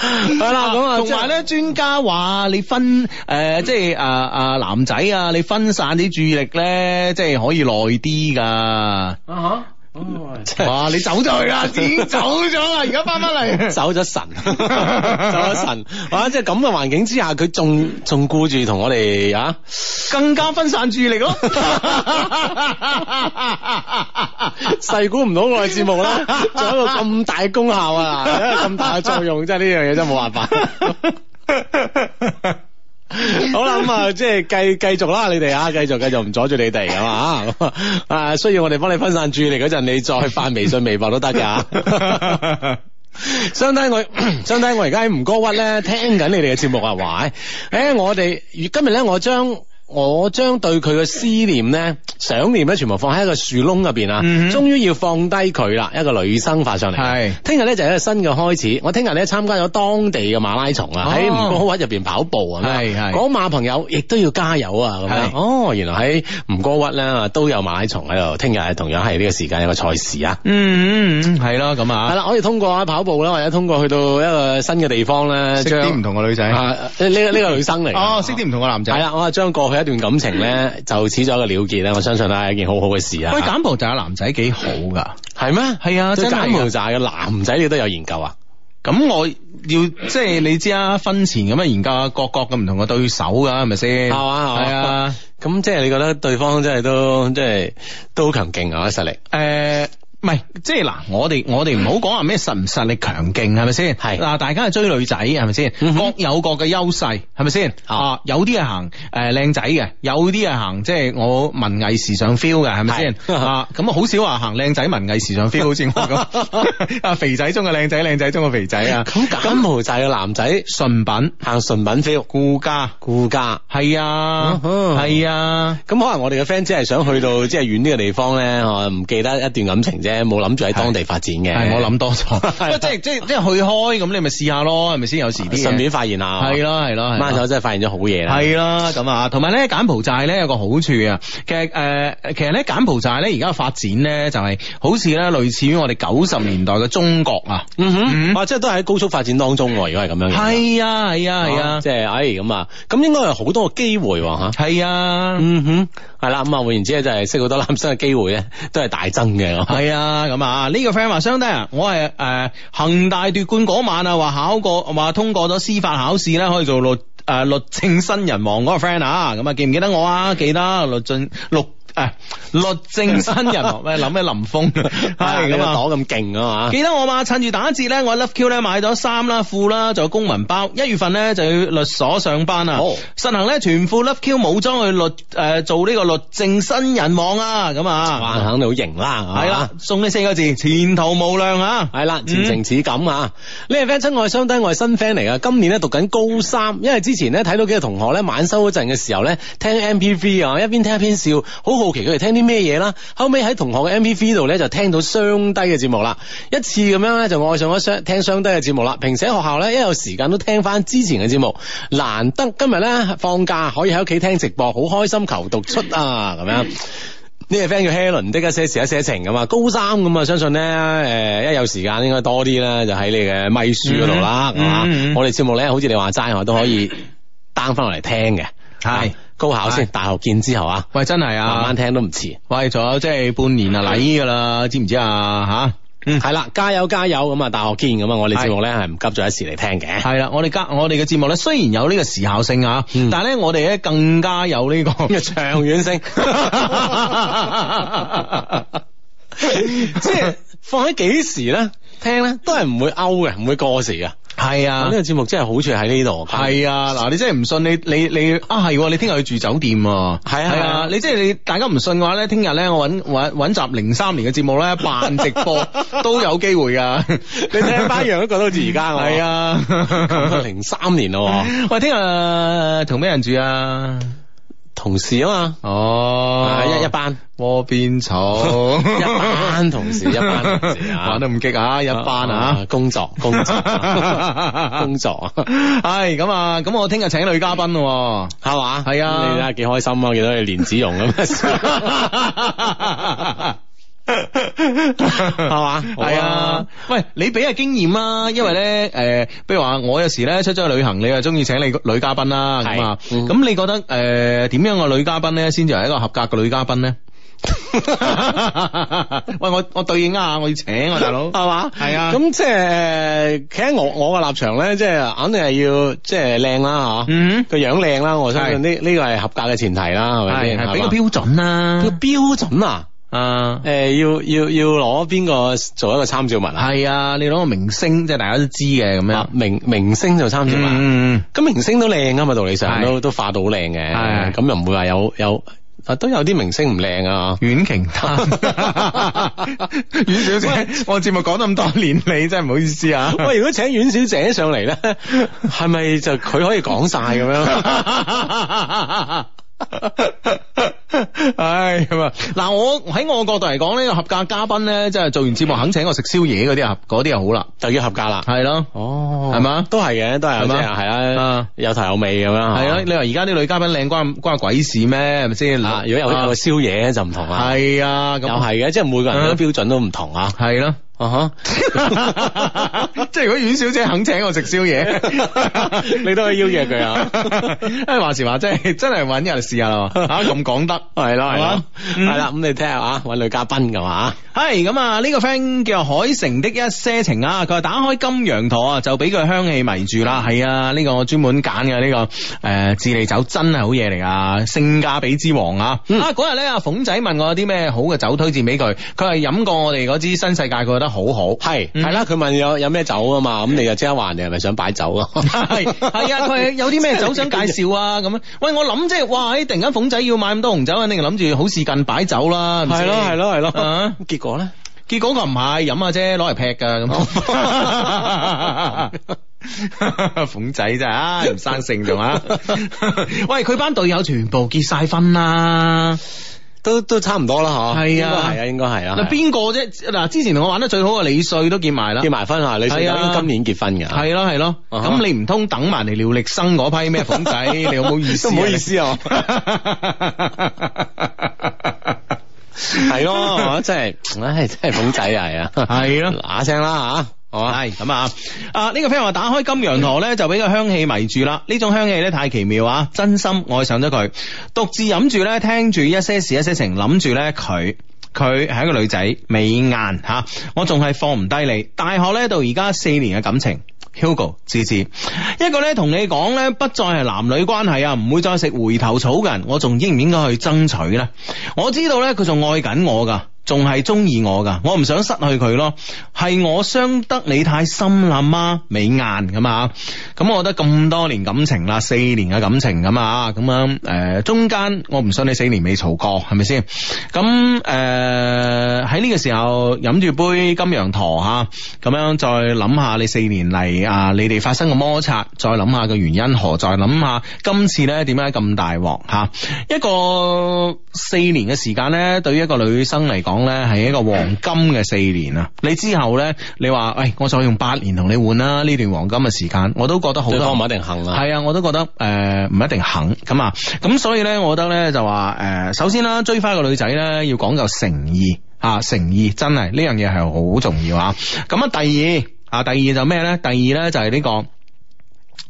係啦，咁啊、嗯，同埋咧，專家話你分誒、呃，即係誒啊男仔啊，你分散啲注意力咧，即係可以耐啲噶。啊哈、uh。Huh. 哦，oh, my 哇！你走咗去啦， 已經走咗啦，而家翻翻嚟，走咗神，走咗神，哇！即係咁嘅環境之下，佢仲仲顧住同我哋啊，更加分散注意力咯、哦，細估唔到我哋節目啦，仲有一個咁大功效啊，咁 大作用，真係呢樣嘢真係冇辦法。 好啦，咁、嗯、啊，即係繼繼續啦，你哋啊，繼續繼續唔阻住你哋咁啊，啊，需要我哋幫你分散注意力嗰陣， 你再發微信微博都得㗎、啊。 相丹我相丹我而家喺吳哥窟咧，聽緊你哋嘅節目啊，喂，誒、哎，我哋今日咧，我將。我將對佢嘅思念咧、想念咧，全部放喺一個樹窿入邊啊！終於要放低佢啦，一個女生發上嚟。係、嗯，聽日咧就係一個新嘅開始。我聽日咧參加咗當地嘅馬拉松啊，喺吳、哦、哥窟入邊跑步啊。嗰馬朋友亦都要加油啊！咁是樣哦，原來喺吳哥窟咧都有馬拉松喺度，聽日同樣係呢個時間有一個賽事、嗯、啊。嗯嗯，係咯，咁啊，係啦，我哋通過跑步啦，或者通過去到一個新嘅地方咧，識啲唔同嘅女仔。呢呢個呢個女生嚟。哦，識啲唔同嘅男仔。係啦、 嗯，我啊將過去。一段感情咧，就此咗一個了結咧，我相信啦係一件好好嘅事嗎啊。喂，柬埔寨嘅男仔幾好噶？係咩？係啊，即係柬埔寨嘅男仔，你都有研究啊？咁我要即係你知啊，婚前咁樣研究下各各咁唔同嘅對手噶，係咪先？係啊，係啊，咁即係你覺得對方即係都即係都好強勁啊，實力？誒、呃。唔係，即係嗱，我哋我哋唔好講話咩實唔實力強勁係咪先？係嗱，大家係追女仔係咪先？各有各嘅優勢係咪先？啊，有啲係行誒靚仔嘅，有啲係行即係我文藝時尚 feel 嘅係咪先？啊，咁啊好少話行靚仔文藝時尚 feel，好似我咁啊肥仔中嘅靚仔，靚仔中嘅肥仔啊，咁咁無就係個男仔純品行純品 feel，顧家顧家，係啊，係啊，咁可能我哋嘅 friend 只係想去到即係遠啲嘅地方咧，我唔記得一段感情冇諗住喺當地發展嘅，我諗多咗，即係即係即係去開咁，你咪試下咯，係咪先？有時啲順便發現啊，係咯係咯，馬手真係發現咗好嘢啦，係啦咁啊，同埋咧柬埔寨咧有個好處啊，其實誒，其實咧柬埔寨咧而家發展咧就係好似咧類似於我哋九十年代嘅中國啊，嗯哼，哇，即係都喺高速發展當中喎，如果係咁樣，係啊係啊係啊，即係哎，咁啊，咁應該有好多個機會吓，係啊，嗯哼，係啦，咁啊換言之咧就係識好多男生嘅機會咧都係大增嘅，係啊。啊咁啊呢個 friend 話相低啊，這個、我係誒、呃、恒大奪冠嗰晚啊，話考過話通過咗司法考試咧，可以做律誒、呃、律政新人王嗰個 friend 啊，咁、嗯、啊記唔記得我啊？記得律政律。哎、律政新人，喎，諗 起林峰，係咁對啊，攞咁勁啊嘛！記得我嘛，趁住打折咧，我喺 LoveQ 咧買咗衫啦、褲啦，仲有公文包。一月份咧就要律所上班啦，哦、實行咧全副 LoveQ 武裝去律誒、呃、做呢個律政新人王啊！咁啊，肯定好型啦。係啦了，送呢四個字：前途無量啊！係啦，前程似錦啊！呢個 friend 親外相低，我係新 friend 嚟啊。今年咧讀緊高三，因為之前咧睇到幾個同學咧晚修嗰陣嘅時候咧聽 MPV 啊，一邊聽一邊笑，好好。好奇佢哋聽啲咩嘢啦，後尾喺同學嘅 M P three 度咧就聽到雙低嘅節目啦，一次咁樣咧就愛上咗雙聽雙低嘅節目啦。平時喺學校咧一有時間都聽翻之前嘅節目，難得今日咧放假可以喺屋企聽直播，好開心求讀出啊咁樣。呢、嗯、個 friend 叫 Helen，的一些事，一些情噶嘛，高三咁啊，相信咧誒一有時間應該多啲咧就喺你嘅咪書嗰度啦，係嘛？我哋節目咧好似你話齋我都可以 down 翻落嚟聽嘅，係、嗯。高考先，哎、大學見之後啊，喂，真係啊，慢慢聽都唔遲。喂咗即係半年啊禮噶啦，知唔知啊吓？嗯，係啦、啊啊嗯，加油加油咁啊！大學見咁啊，我哋節目咧係唔急咗一時嚟聽嘅。係啦，我哋家我哋嘅節目咧，雖然有呢個時效性啊，嗯、但係咧我哋咧更加有呢個長遠性。 即係放喺幾時咧聽咧，都係唔會勾嘅，唔會過時嘅。係啊，呢個節目真係好處喺呢度。係天啊，嗱，你真係唔信你你你啊係，你聽日去住酒店。係啊，啊，啊啊你真係你大家唔信嘅話咧，聽日咧我揾揾集零三年嘅節目咧辦直播 都有機會噶。 你聽翻一樣都覺得好似而家我。係 啊，零三 年咯。喂， 聽日同咩人住啊？同事啊嘛，哦，啊、一一班窩邊草， 一班同事，一班同事、啊、玩得唔激啊，一班啊，工作，工作，工作啊，係咁、 哎、啊，咁我聽日請女嘉賓咯，係嘛，係啊，你睇下幾開心啊，見到你蓮子蓉咁。係 嘛？係啊！ 喂，你俾下經驗啦！因為咧，誒、呃，比如話我有時咧出咗去旅行，你又中意請你女嘉賓啦，咁嘛、啊？咁你覺得誒，點、呃、樣個女嘉賓咧先至係一個合格嘅女嘉賓咧？ 喂，我我對應啊，我要請啊，大佬，係嘛、嗯？係啊！咁即係企喺我我嘅立場咧，即係肯定係要即係靚啦，吓，嗯，個樣靚啦，我相信呢呢個係合格嘅前提啦，係咪先？係俾個標準啦，個標準啊！啊誒、uh, 呃，要要要攞邊個做一個參照物啊？係啊，你攞個明星，即係大家都知嘅咁樣。啊、明明星就參照物啊？嗯，咁明星都靚啊嘛，道理上都是都化到好靚嘅。係的，咁又唔會話有有，啊，都有啲明星唔靚啊。阮瓊情丹，阮 小姐， 我節目講咗咁多年，你喂真係唔好意思啊。 喂，如果請阮小姐上嚟咧，係咪就佢可以講晒咁樣？ 唉咁啊！嗱，我喺我角度嚟講呢個合格嘉賓咧，即係做完節目肯請我食宵夜嗰啲啊，嗰啲又好啦，就要合格啦。係咯的，哦，係嘛嗎，都係嘅，都係係嘛，係啊，嗯、有頭有尾咁樣吓。係咯，你話而家啲女嘉賓靚關關鬼事咩？係咪先嗱？如果有一個宵夜就唔同啦。係啊，又係嘅，即係每個人嘅標準都唔同啊。係咯、嗯。Uh huh. 即係如果阮小姐肯請我食宵夜， 你都可以邀約佢啊！誒， 話時話即係真係揾人試下咯吓，咁講得係咯，係咯，係啦，咁你聽下、 hey, 啊，揾女嘉賓噶嘛？係咁啊，呢個 friend 叫海城的一些情啊，佢話打開金羊駝啊，就俾佢香氣迷住啦。係、呃、啊，呢個我專門揀嘅呢個誒智利酒真係好嘢嚟啊，性價比之王啊！嗯、啊嗰日咧阿鳳仔問我啲咩好嘅酒推薦俾佢，佢係飲過我哋嗰支新世界，覺得。好好係係啦，佢是、嗯、問有有咩酒啊嘛，咁你就即刻話你係咪想擺酒啊？係係啊，佢有啲咩酒想介紹啊？咁樣，喂，我諗即係哇，突然間鳳仔要買咁多紅酒，你又諗住好事近擺酒啦？係咯係咯係咯，咁、啊、結果咧？結果佢唔係飲下啫，攞嚟劈噶咁。鳳 仔咋？係唔生性，仲啊？喂，佢班隊友全部結晒婚啦。都都差唔多啦，嗬，係啊，係啊，應該係啦。嗱、啊，邊個啫？嗱，之前同我玩得最好嘅李穗都結埋啦，結埋婚啦。李穗應該今年結婚噶。係咯，係咯。咁你唔通等埋嚟，廖力生嗰批咩，鳳仔？你好唔好意思？唔好意思啊。係咯，真係，唉，真係鳳仔啊，係啊。係咯，嗱聲啦吓。哦，係咁啊，啊！啊，呢、這個 friend 話打開金羊河呢、嗯、就俾個香氣迷住啦。呢種香氣呢太奇妙啊，真心愛上咗佢，獨自飲住呢聽住一些事一些情，諗住呢，佢，佢係一個女仔，美顏吓，我仲係放唔低你。大學呢，到而家四年嘅感情，Hugo，字字一個呢。同你講呢不再係男女關係啊，唔會再食回頭草嘅人，我仲應唔應該去爭取呢？我知道呢，佢仲愛緊我噶。仲係中意我噶，我唔想失去佢咯。係我傷得你太深啦嗎？美顏咁啊，咁、嗯、我覺得咁多年感情啦，四年嘅感情咁啊，咁樣誒，中間我唔信你四年未嘈過，係咪先？咁誒喺呢個時候飲住杯金羊駝吓，咁樣再諗下你四年嚟啊，你哋發生嘅摩擦，再諗下個原因何在，諗下今次咧點解咁大鑊吓？一個四年嘅時間咧，對於一個女生嚟講。係一個黃金嘅四年啊！你之後咧，你話喂、哎，我想用八年同你換啦呢段黃金嘅時間，我都覺得好多唔一定行啊！係啊，我都覺得誒唔、呃、一定肯咁啊！咁所以咧，我覺得咧就話誒、呃，首先啦，追翻個女仔咧要講究誠意啊，誠意真係呢樣嘢係好重要啊！咁啊，第二啊，第二就咩咧？第二咧就係呢、呢個。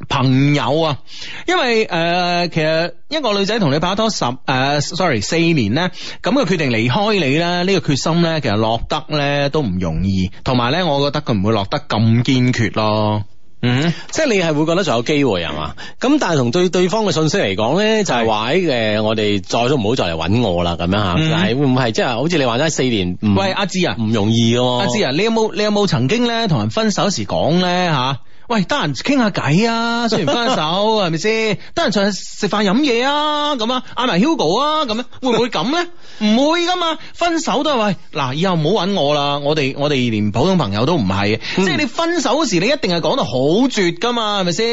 朋友啊，因為誒、呃，其實一個女仔同你拍拖十誒、呃、sorry，四年咧，咁佢決定離開你咧，呢、這個決心咧，其實落得咧都唔容易，同埋咧，我覺得佢唔會落得咁堅決咯。嗯，即係你係會覺得仲有機會啊嘛？咁但係同對對方嘅信息嚟講咧，就係話喺誒，我哋再都唔、嗯就是、好再嚟搵我啦，咁樣吓，但係會唔係即係好似你話齋四年？嗯、喂，阿芝啊，唔容易噶、啊、阿芝啊，你有冇你有冇曾經咧同人分手時講咧吓？啊喂，得閒傾下偈啊，雖然分手係咪先？得閒去食飯飲嘢啊，咁啊嗌埋 Hugo 啊，咁樣會唔會咁咧？唔 會噶嘛，分手都係喂，嗱以後唔好揾我啦，我哋我哋連普通朋友都唔係，嗯、即係你分手嗰時你一定係講得好絕噶嘛，係咪先？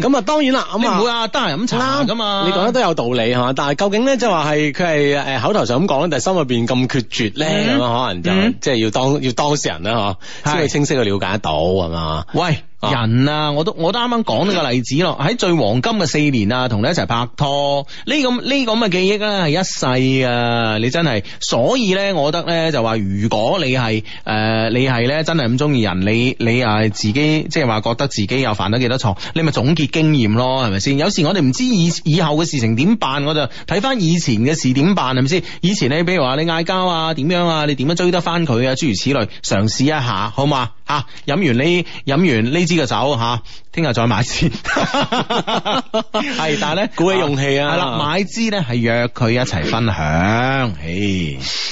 咁啊、嗯，當然啦，咁啊唔會啊，得閒飲茶噶嘛。嗯、你講得都有道理係嘛，但係究竟咧即係話係佢係誒口頭上咁講，但係心入邊咁決絕咧，咁啊、嗯嗯、可能就即係要當要當事人啦嗬，先去清晰去了解得到係嘛？喂。人啊，我都我都啱啱講呢個例子咯，喺最黃金嘅四年啊，同你一齊拍拖，呢咁呢咁嘅記憶咧係一世啊。你真係，所以咧，我覺得咧就話，如果你係誒、呃、你係咧真係咁中意人，你你啊自己即係話覺得自己又犯咗幾多錯，你咪總結經驗咯，係咪先？有時我哋唔知以以後嘅事情點辦，我就睇翻以前嘅事點辦係咪先？以前咧，比如話你嗌交啊，點樣啊，你點樣追得翻佢啊，諸如此類，嘗試一下好嘛？吓、啊，飲完呢飲完呢。支嘅手，嚇，聽日再買先。係，但係咧鼓起勇氣啊！係啦，買支咧係約佢一齊分享。唉，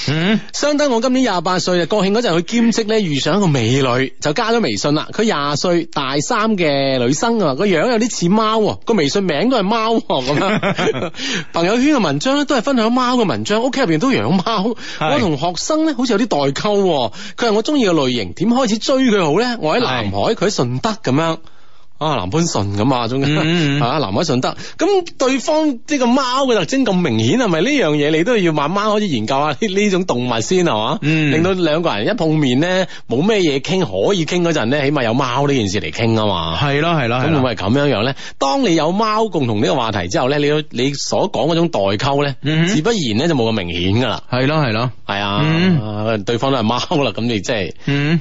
嗯，相當我今年廿八歲啊，國慶嗰陣去兼職咧，遇上一個美女，就加咗微信啦。佢廿歲大三嘅女生啊，個樣有啲似貓，個微信名都係貓咁啊。朋友圈嘅文章咧都係分享貓嘅文章，屋企入邊都養貓。我同學生咧好似有啲代溝，佢係我中意嘅類型，點開始追佢好咧？我喺南海，佢喺順德。得咁樣。啊，南番順咁啊，中間係啊，嗯嗯、南海順德。咁對方即個貓嘅特徵咁明顯，係咪呢樣嘢你都要慢慢開始研究下呢呢種動物先啊？嘛、嗯，令到兩個人一碰面咧，冇咩嘢傾，可以傾嗰陣咧，起碼有貓呢件事嚟傾啊嘛。係咯係咯，咁會唔會係咁樣樣咧？當你有貓共同呢個話題之後咧，你你所講嗰種代溝咧，自、嗯、不然咧就冇咁明顯噶啦。係咯係咯，係的、嗯、啊，對方都係貓啦，咁你即係，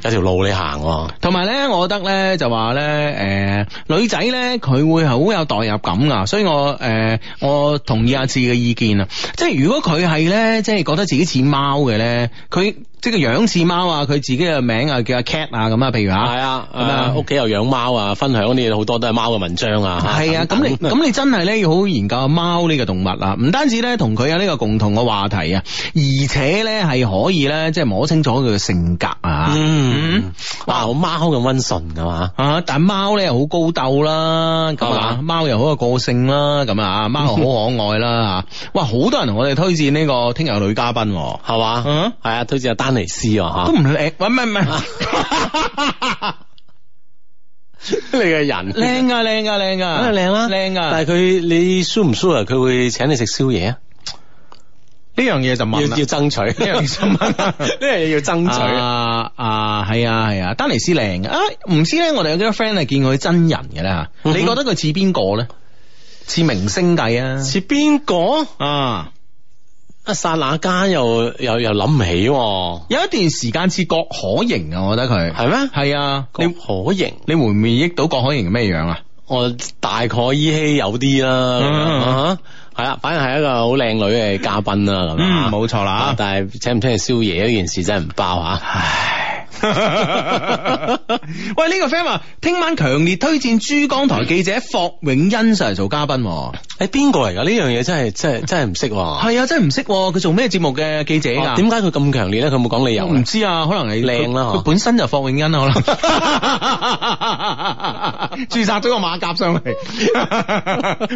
有條路你行。同埋咧，我覺得咧就話咧，誒、呃。女仔咧，佢會好有代入感啊。所以我誒、呃，我同意阿志嘅意見啊，即係如果佢係咧，即係覺得自己似貓嘅咧，佢。即係個樣似貓啊，佢自己嘅名啊叫阿 Cat 啊咁啊，譬如啊，係啊，啊，屋企又養貓啊，分享啲嘢好多都係貓嘅文章啊。係啊，咁你咁你真係咧要好研究貓呢個動物啊，唔單止咧同佢有呢個共同嘅話題啊，而且咧係可以咧即係摸清楚佢嘅性格啊。嗯，哇，貓咁温順噶嘛，但係貓咧又好高竇啦，咁啊，貓又好有個性啦，咁啊，貓好可愛啦，哇，好多人同我哋推薦呢個聽日嘅女嘉賓，係嘛，嗯，係啊，推薦阿。丹尼斯啊，吓都唔靚，喂，唔係唔係，你嘅人靚啊靚啊靚啊靚啦靚啊，但係佢你 sure 唔 sure 啊？佢會請你食宵夜啊？呢樣嘢就要要爭取，呢樣嘢要爭取啊！啊，係啊係啊，丹尼斯靚啊！唔知咧，我哋有啲 friend 係見過佢真人嘅咧，你覺得佢似邊個咧？似明星帝啊？似邊個啊？啊！剎那間又又又諗唔起，有一段時間似郭可盈啊！我覺得佢係咩？係啊，郭可盈，你會唔會益到郭可盈咩樣啊？我大概依稀有啲、啊嗯啊啊嗯啊、啦，係啦，反正係一個好靚女嘅嘉賓啦，咁啊，冇錯啦。但係請唔請你宵夜呢件事真係唔包吓、啊。唉 喂，呢、這個 friend 聽、啊、晚強烈推薦珠江台記者霍永欣上嚟做嘉賓、啊，係邊個嚟噶？呢樣嘢真係真真係唔識，係 啊，真係唔識。佢做咩節目嘅記者噶？點解佢咁強烈咧？佢冇講理由，唔、啊、知啊，可能係靚啦。佢本身就霍永欣可能，注射咗個馬甲上嚟，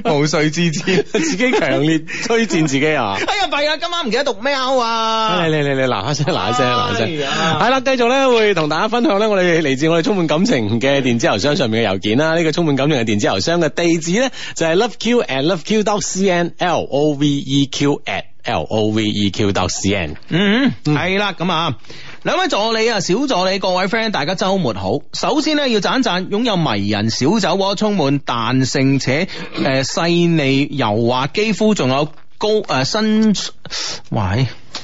毛遂自薦，自己強烈推薦自己啊！ 哎呀，弊啊，今晚唔記得讀咩啊？你你你你嗱下聲嗱一聲嗱一聲，係啦，繼續咧。會同大家分享咧，我哋嚟自我哋充滿感情嘅電子郵箱上面嘅郵件啦。呢、這個充滿感情嘅電子郵箱嘅地址咧就係 loveq at loveq dot cn l o v e q at l o v e q dot cn。嗯，係啦、嗯，咁啊，兩位助理啊，小助理各位 friend，大家周末好。首先咧要讚一讚，擁有迷人小酒窩、充滿彈性且誒細膩柔滑肌膚，仲有。高誒、呃，身位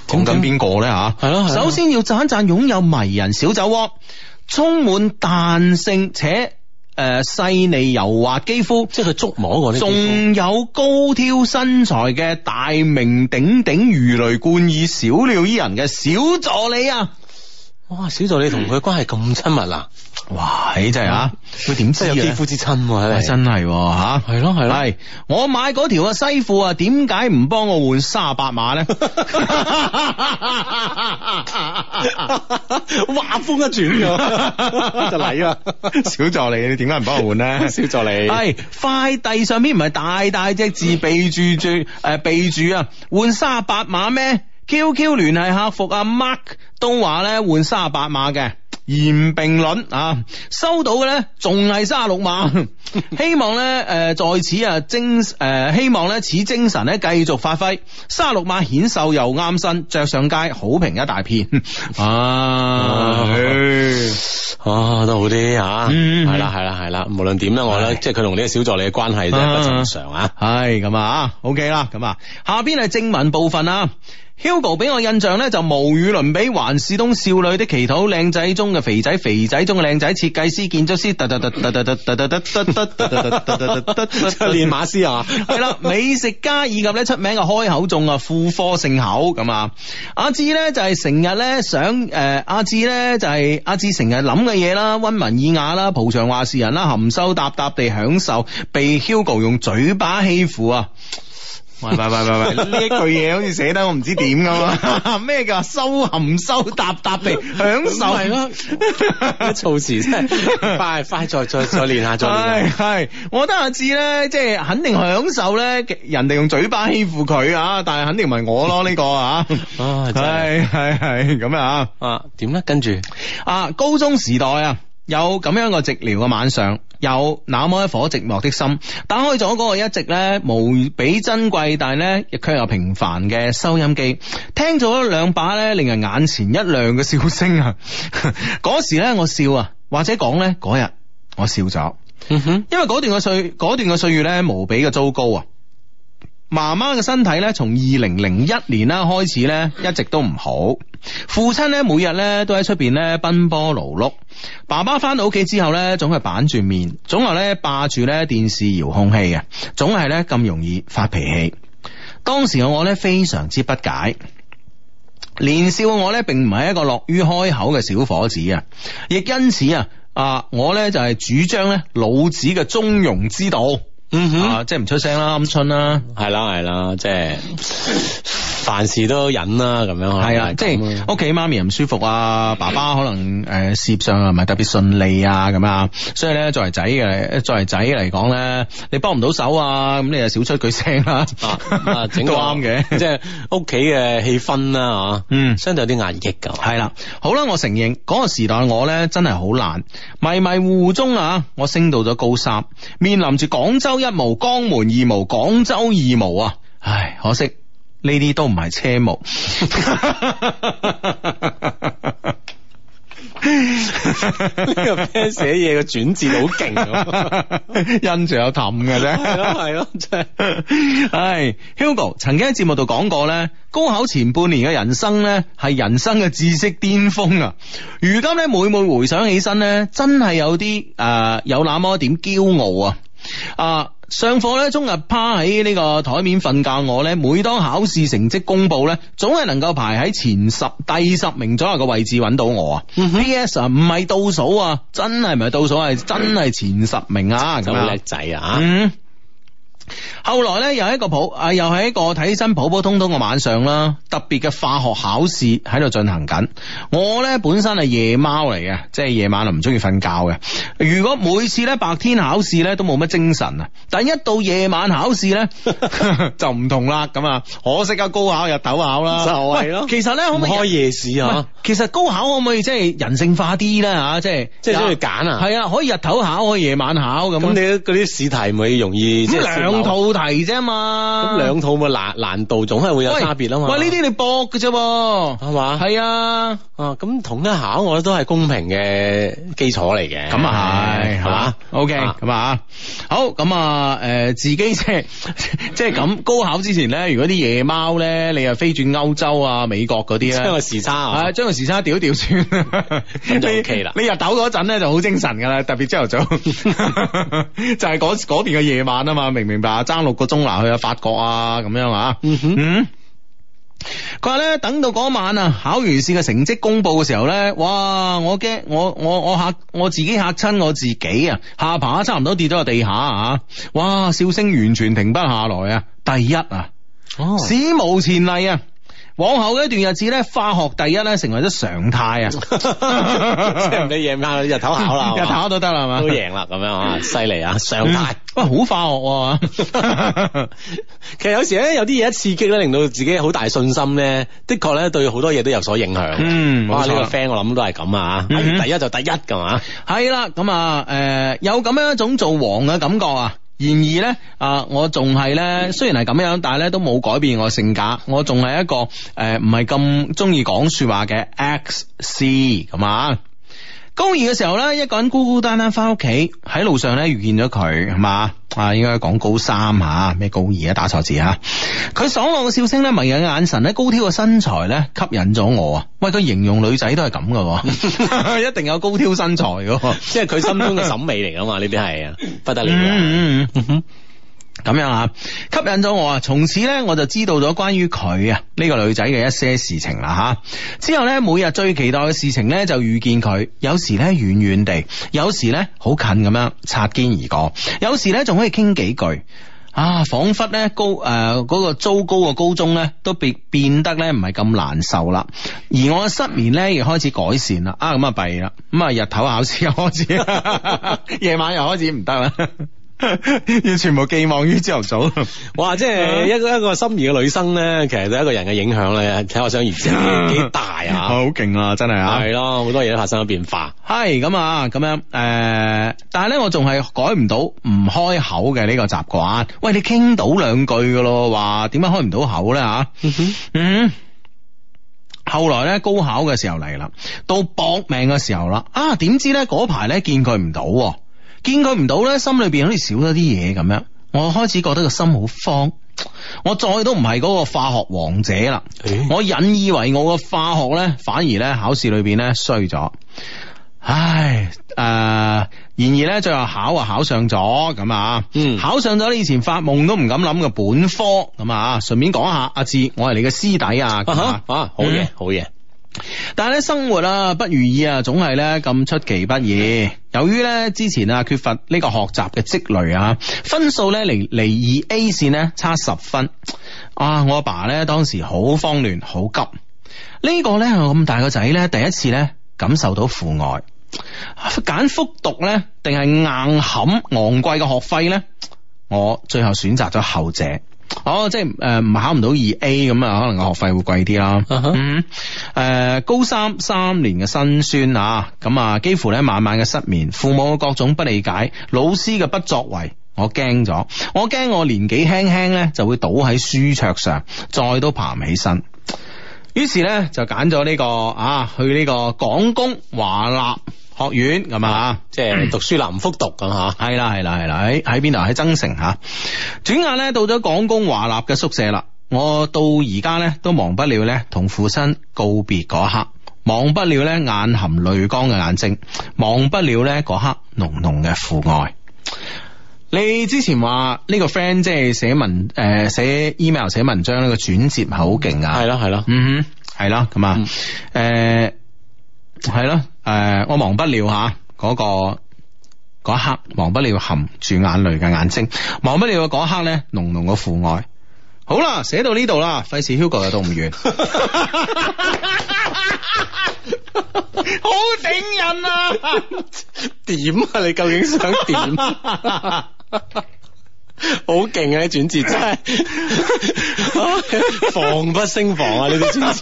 講緊邊個咧吓？係咯，聽聽首先要讚讚擁有迷人小酒窩，充滿彈性且誒細膩柔滑肌膚，即係佢觸摸嗰啲。仲有高挑身材嘅大名鼎鼎魚雷冠以小鳥依人嘅小助理啊！哇！小助理同佢關係咁親密啦！哇！真係、就是、啊，佢點知有肌膚之親喎、啊，係真係吓、啊，係咯係咯。係我買嗰條西褲啊，點解唔幫我換卅八碼咧？話風一轉就嚟啦！ 小助理，你點解唔幫我換咧？ 小助理，係快遞上面唔係大大隻字備注住住，誒備注啊，換卅八碼咩？Q Q 聯繫客服阿 Mark 都話咧換三十八碼嘅嚴並論啊，收到咧仲係三十六碼。希望咧誒在此啊精誒希望咧此精神咧繼續發揮三十六碼顯瘦又啱身，着上街好評一大片啊。啊，都好啲吓，係啦係啦係啦，無論點啦，我咧即係佢同呢個小助理嘅關係咧不正常啊。係咁啊，OK 啦，咁啊，下邊係正文部分啊。Hugo 俾我印象咧就無與倫比，環視東少女的祈禱，靚仔中嘅肥仔，肥仔中嘅靚仔，設計師、建築師，噠噠噠噠噠噠噠，練馬師啊，係啦，美食家以及咧出名嘅開口中啊，婦科聖口咁啊，阿志咧就係成日咧想，誒，阿志咧就係阿志成日諗嘅嘢啦，溫文爾雅啦，蒲場話事人啦，含羞答答地享受被 Hugo 用嘴巴欺負啊！喂喂喂喂喂！呢一句嘢好似寫得我唔知點咁咩噶？收含收答答地享受？係咯、 啊，措詞啫！快快再再再，再練下，再練下。係，我覺得阿志咧，即係肯定享受咧，人哋用嘴巴欺負佢啊！但係肯定唔係我咯，呢個啊，係係係咁啊！啊，點咧？跟住啊，高中時代啊，有咁樣個寂寥嘅晚上。有那麼一顆寂寞的心，打開咗嗰個一直咧無比珍貴，但係咧亦卻又有平凡嘅收音機，聽咗兩把咧令人眼前一亮嘅笑聲啊！嗰 時咧我笑啊，或者講咧嗰日我笑咗，哼，因為嗰段嘅歲嗰段嘅歲月咧無比嘅糟糕啊！媽媽嘅身體咧，從二零零一年啦開始咧，一直都唔好。父親咧，每日咧都喺出邊咧奔波勞碌。爸爸翻到屋企之後咧，總係板住面，總係咧霸住咧電視遙控器嘅，總係咧咁容易發脾氣。當時嘅我咧非常之不解，年少嘅我咧並唔係一個樂於開口嘅小伙子啊，亦因此啊，我咧就係主張咧老子嘅中庸之道。嗯哼、mm hmm. 啊，即係唔出聲啦，鵪鶉啦，係啦係啦，即係。 凡事都忍啦，咁樣係啊，即係屋企媽咪唔舒服啊，爸爸可能誒、呃、事業上又唔係特別順利啊，咁啊，所以咧作為仔嘅，作為仔嚟講咧，你幫唔到手啊，咁你就少出句聲啦、啊，啊、整 都啱嘅的，即係屋企嘅氣氛啦、啊，吓，嗯，相對有啲壓抑噶，係啦、啊，好啦，我承認嗰、那個時代我咧真係好難，迷迷糊中啊，我升到咗高三，面臨住廣州一模、江門二模、廣州二模啊，唉，可惜。呢啲都唔係車模。呢 個 f 寫嘢嘅轉折好勁，印象有氹嘅啫，係 咯，即 係 係 Hugo 曾經喺節目度講過咧，高考前半年嘅人生咧係人生嘅知識巔峰啊，如今咧每每回想起身咧，真係有啲誒、呃、有那麼一點驕傲啊啊！呃上課咧，中日趴喺呢個台面瞓覺，我咧每當考試成績公布咧，總係能夠排喺前十、第十名左右嘅位置搵到我啊。P.S. 唔係倒數啊，真係唔係倒數啊，係、嗯、哼真係前十名啊，咁叻仔啊，嗯。後來咧又係一個普啊，又係一個睇起身普普通通嘅晚上啦，特別嘅化學考試喺度進行緊。我咧本身係夜貓嚟嘅，即係夜晚就唔中意瞓覺嘅。如果每次咧白天考試咧都冇乜精神啊，但一到夜晚考試咧 就唔同啦。咁啊，可惜啊，高考又日頭考啦。就係咯，其實咧可唔可以開夜市啊？其實高考可唔可以即係人性化啲咧？吓，即係即係中意揀啊？係啊，可以日頭考，可以夜晚考咁。咁你嗰啲試題咪容易即係兩套題啫嘛，咁兩套嘅難難度總係會有差別啊嘛喂。喂，呢啲你搏嘅啫，係嘛？係吧啊，啊咁同一考，我覺得都係公平嘅基礎嚟嘅。咁啊係，係嘛？OK，咁啊好，咁啊誒、呃、自己即係即係咁，高考之前咧，如果啲夜貓咧，你又飛轉歐洲啊、美國嗰啲咧，時差啊，將個時差調一調先啦，你入抖嗰陣咧就好精神噶啦，特別朝頭早，上早上， 就係嗰嗰邊嘅夜晚啊嘛，明唔明，明爭六、啊、個鐘嗱去阿法國啊咁樣啊，嗯哼，佢話咧，等到嗰晚啊考完試嘅成績公布嘅時候咧，哇！我驚我我我吓我自己嚇親我自己啊，下巴差唔多跌咗個地下啊，哇！笑聲完全停不下來啊，第一啊，哦、史無前例啊！往後嘅一段日子咧，化學第一咧成為咗常態 啊！即係唔理夜晚、日頭考啦，日頭都得啦嘛，都贏啦咁樣啊，犀利啊，常態喂，好化學啊！其實有時咧，有啲嘢刺激咧，令到自己好大信心咧，的確咧，對好多嘢都有所影響、mm hmm.。嗯，哇呢個 friend 我諗都係咁啊，第一就第一噶嘛，係啦，咁啊，誒，有咁樣一種做王嘅感覺啊！然而咧，啊，我仲係咧，雖然係咁樣，但係咧都冇改變我性格，我仲係一個誒唔係咁中意講說話嘅 X C 咁啊。高二嘅時候咧，一個人孤孤單單翻屋企，喺路上咧遇見咗佢，係嘛？啊，應該講高三吓，咩高二啊？打錯字吓、啊。佢爽朗嘅笑聲咧，迷人嘅眼神咧，高挑嘅身材咧，吸引咗我啊！喂，佢形容女仔都係咁噶， 一定有高挑身材噶， 即係佢心中嘅審美嚟噶嘛？呢啲係啊，不得了。嗯嗯嗯嗯。咁樣啊，吸引咗我啊，從此呢，我就知道咗關於佢啊呢個女仔嘅一些事情啦吓。之後呢，每日最期待嘅事情呢，就遇見佢，有時呢，遠遠地，有時呢，好近咁樣擦肩而過，有時呢，仲可以傾幾句啊，仿佛呢，呃那個、高誒嗰個糟糕嘅高中呢，都變變得呢，唔係咁難受啦。而我失眠呢，亦開始改善啦。啊咁啊弊啦，咁啊日頭考試又開始， 夜 晚又開始唔得啦。 要全部寄望於朝頭早，哇！即、就、係、是、一個、嗯、一個心儀嘅女生咧，其實對一個人嘅影響咧，睇我想而家幾大啊！好勁啊，啊，真係啊！係咯、啊，好多嘢都發生咗變化。係咁啊，咁樣誒、啊呃，但係咧，我仲係改唔到唔開口嘅呢個習慣。喂，你傾到兩句噶咯，話點解開唔到口咧？吓、嗯哼，嗯哼，後來咧，高考嘅時候嚟啦，到搏命嘅時候啦，啊，點知咧嗰排咧見佢唔到。見佢唔到咧，心裏邊好似少咗啲嘢咁樣，我開始覺得個心好慌。我再都唔係嗰個化學王者啦，哎、我引以為我個化學咧，反而咧考試裏邊咧衰咗。唉，誒、呃，然而咧，最後考啊考上咗咁、嗯、啊，嗯，考上咗以前發夢都唔敢諗嘅本科咁啊，順便講下阿智，我係你嘅師弟啊，好嘢，好嘢。但係咧，生活啊不如意啊，總係咧咁出其不意。由於咧之前啊缺乏呢個學習嘅積累啊，分數咧離離二 A 線呢差十分啊！我阿爸咧當時好慌亂，好急。這個、呢個咧咁大個仔咧第一次咧感受到父愛，揀復讀咧定係硬冚昂貴嘅學費咧？我最後選擇咗後者。哦，oh, 即係唔、呃、考唔到二 A 咁啊，可能個學費會貴啲啦。Uh huh. 嗯、呃、高三三年嘅辛酸啊，咁啊，幾乎呢，晚晚嘅失眠，父母嘅各種不理解，老師嘅不作為，我驚咗，我驚我年紀輕輕呢就會倒喺書桌上，再都爬唔起身。於是呢，就揀咗呢個啊，去呢、呢個廣工華立。學院咁啊，即係讀書啦，唔復讀咁吓。係啦，係啦，係啦，喺喺邊度？喺增城吓。轉眼咧到咗廣工華立嘅宿舍啦。我到而家咧都忘不了咧同父親告別嗰一刻，忘不了咧眼含淚光嘅眼睛，忘不了咧嗰刻濃濃嘅父愛。你之前話呢個 friend 即係寫文誒寫、呃、email 寫文章呢個轉折係好勁啊。係啦，係啦、嗯，嗯哼，係啦，咁啊，誒，係咯。誒、呃，我忘不了吓嗰、啊嗰個嗰一、嗰個、刻，忘不了含住眼淚嘅眼睛，忘不了嗰一刻咧濃濃嘅父愛。好啦，寫到呢度啦，費事 Hugo 又到唔完，好頂癮啊！ 點啊？你究竟想點啊？ 好勁啊！啲轉折真係 防不勝防啊！你啲轉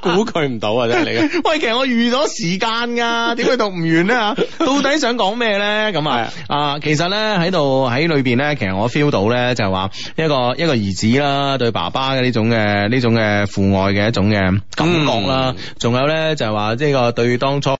估佢唔到啊！真係你， 喂，其實我預咗時間噶、啊，點解讀唔完咧？ 到底想講咩咧？咁啊，啊，其實咧喺度喺裏邊咧，其實我 feel 到咧，就係話一個一個兒子啦，對爸爸嘅呢種嘅呢種嘅父愛嘅一種嘅感覺啦，仲、嗯、有咧就係話呢個對當初。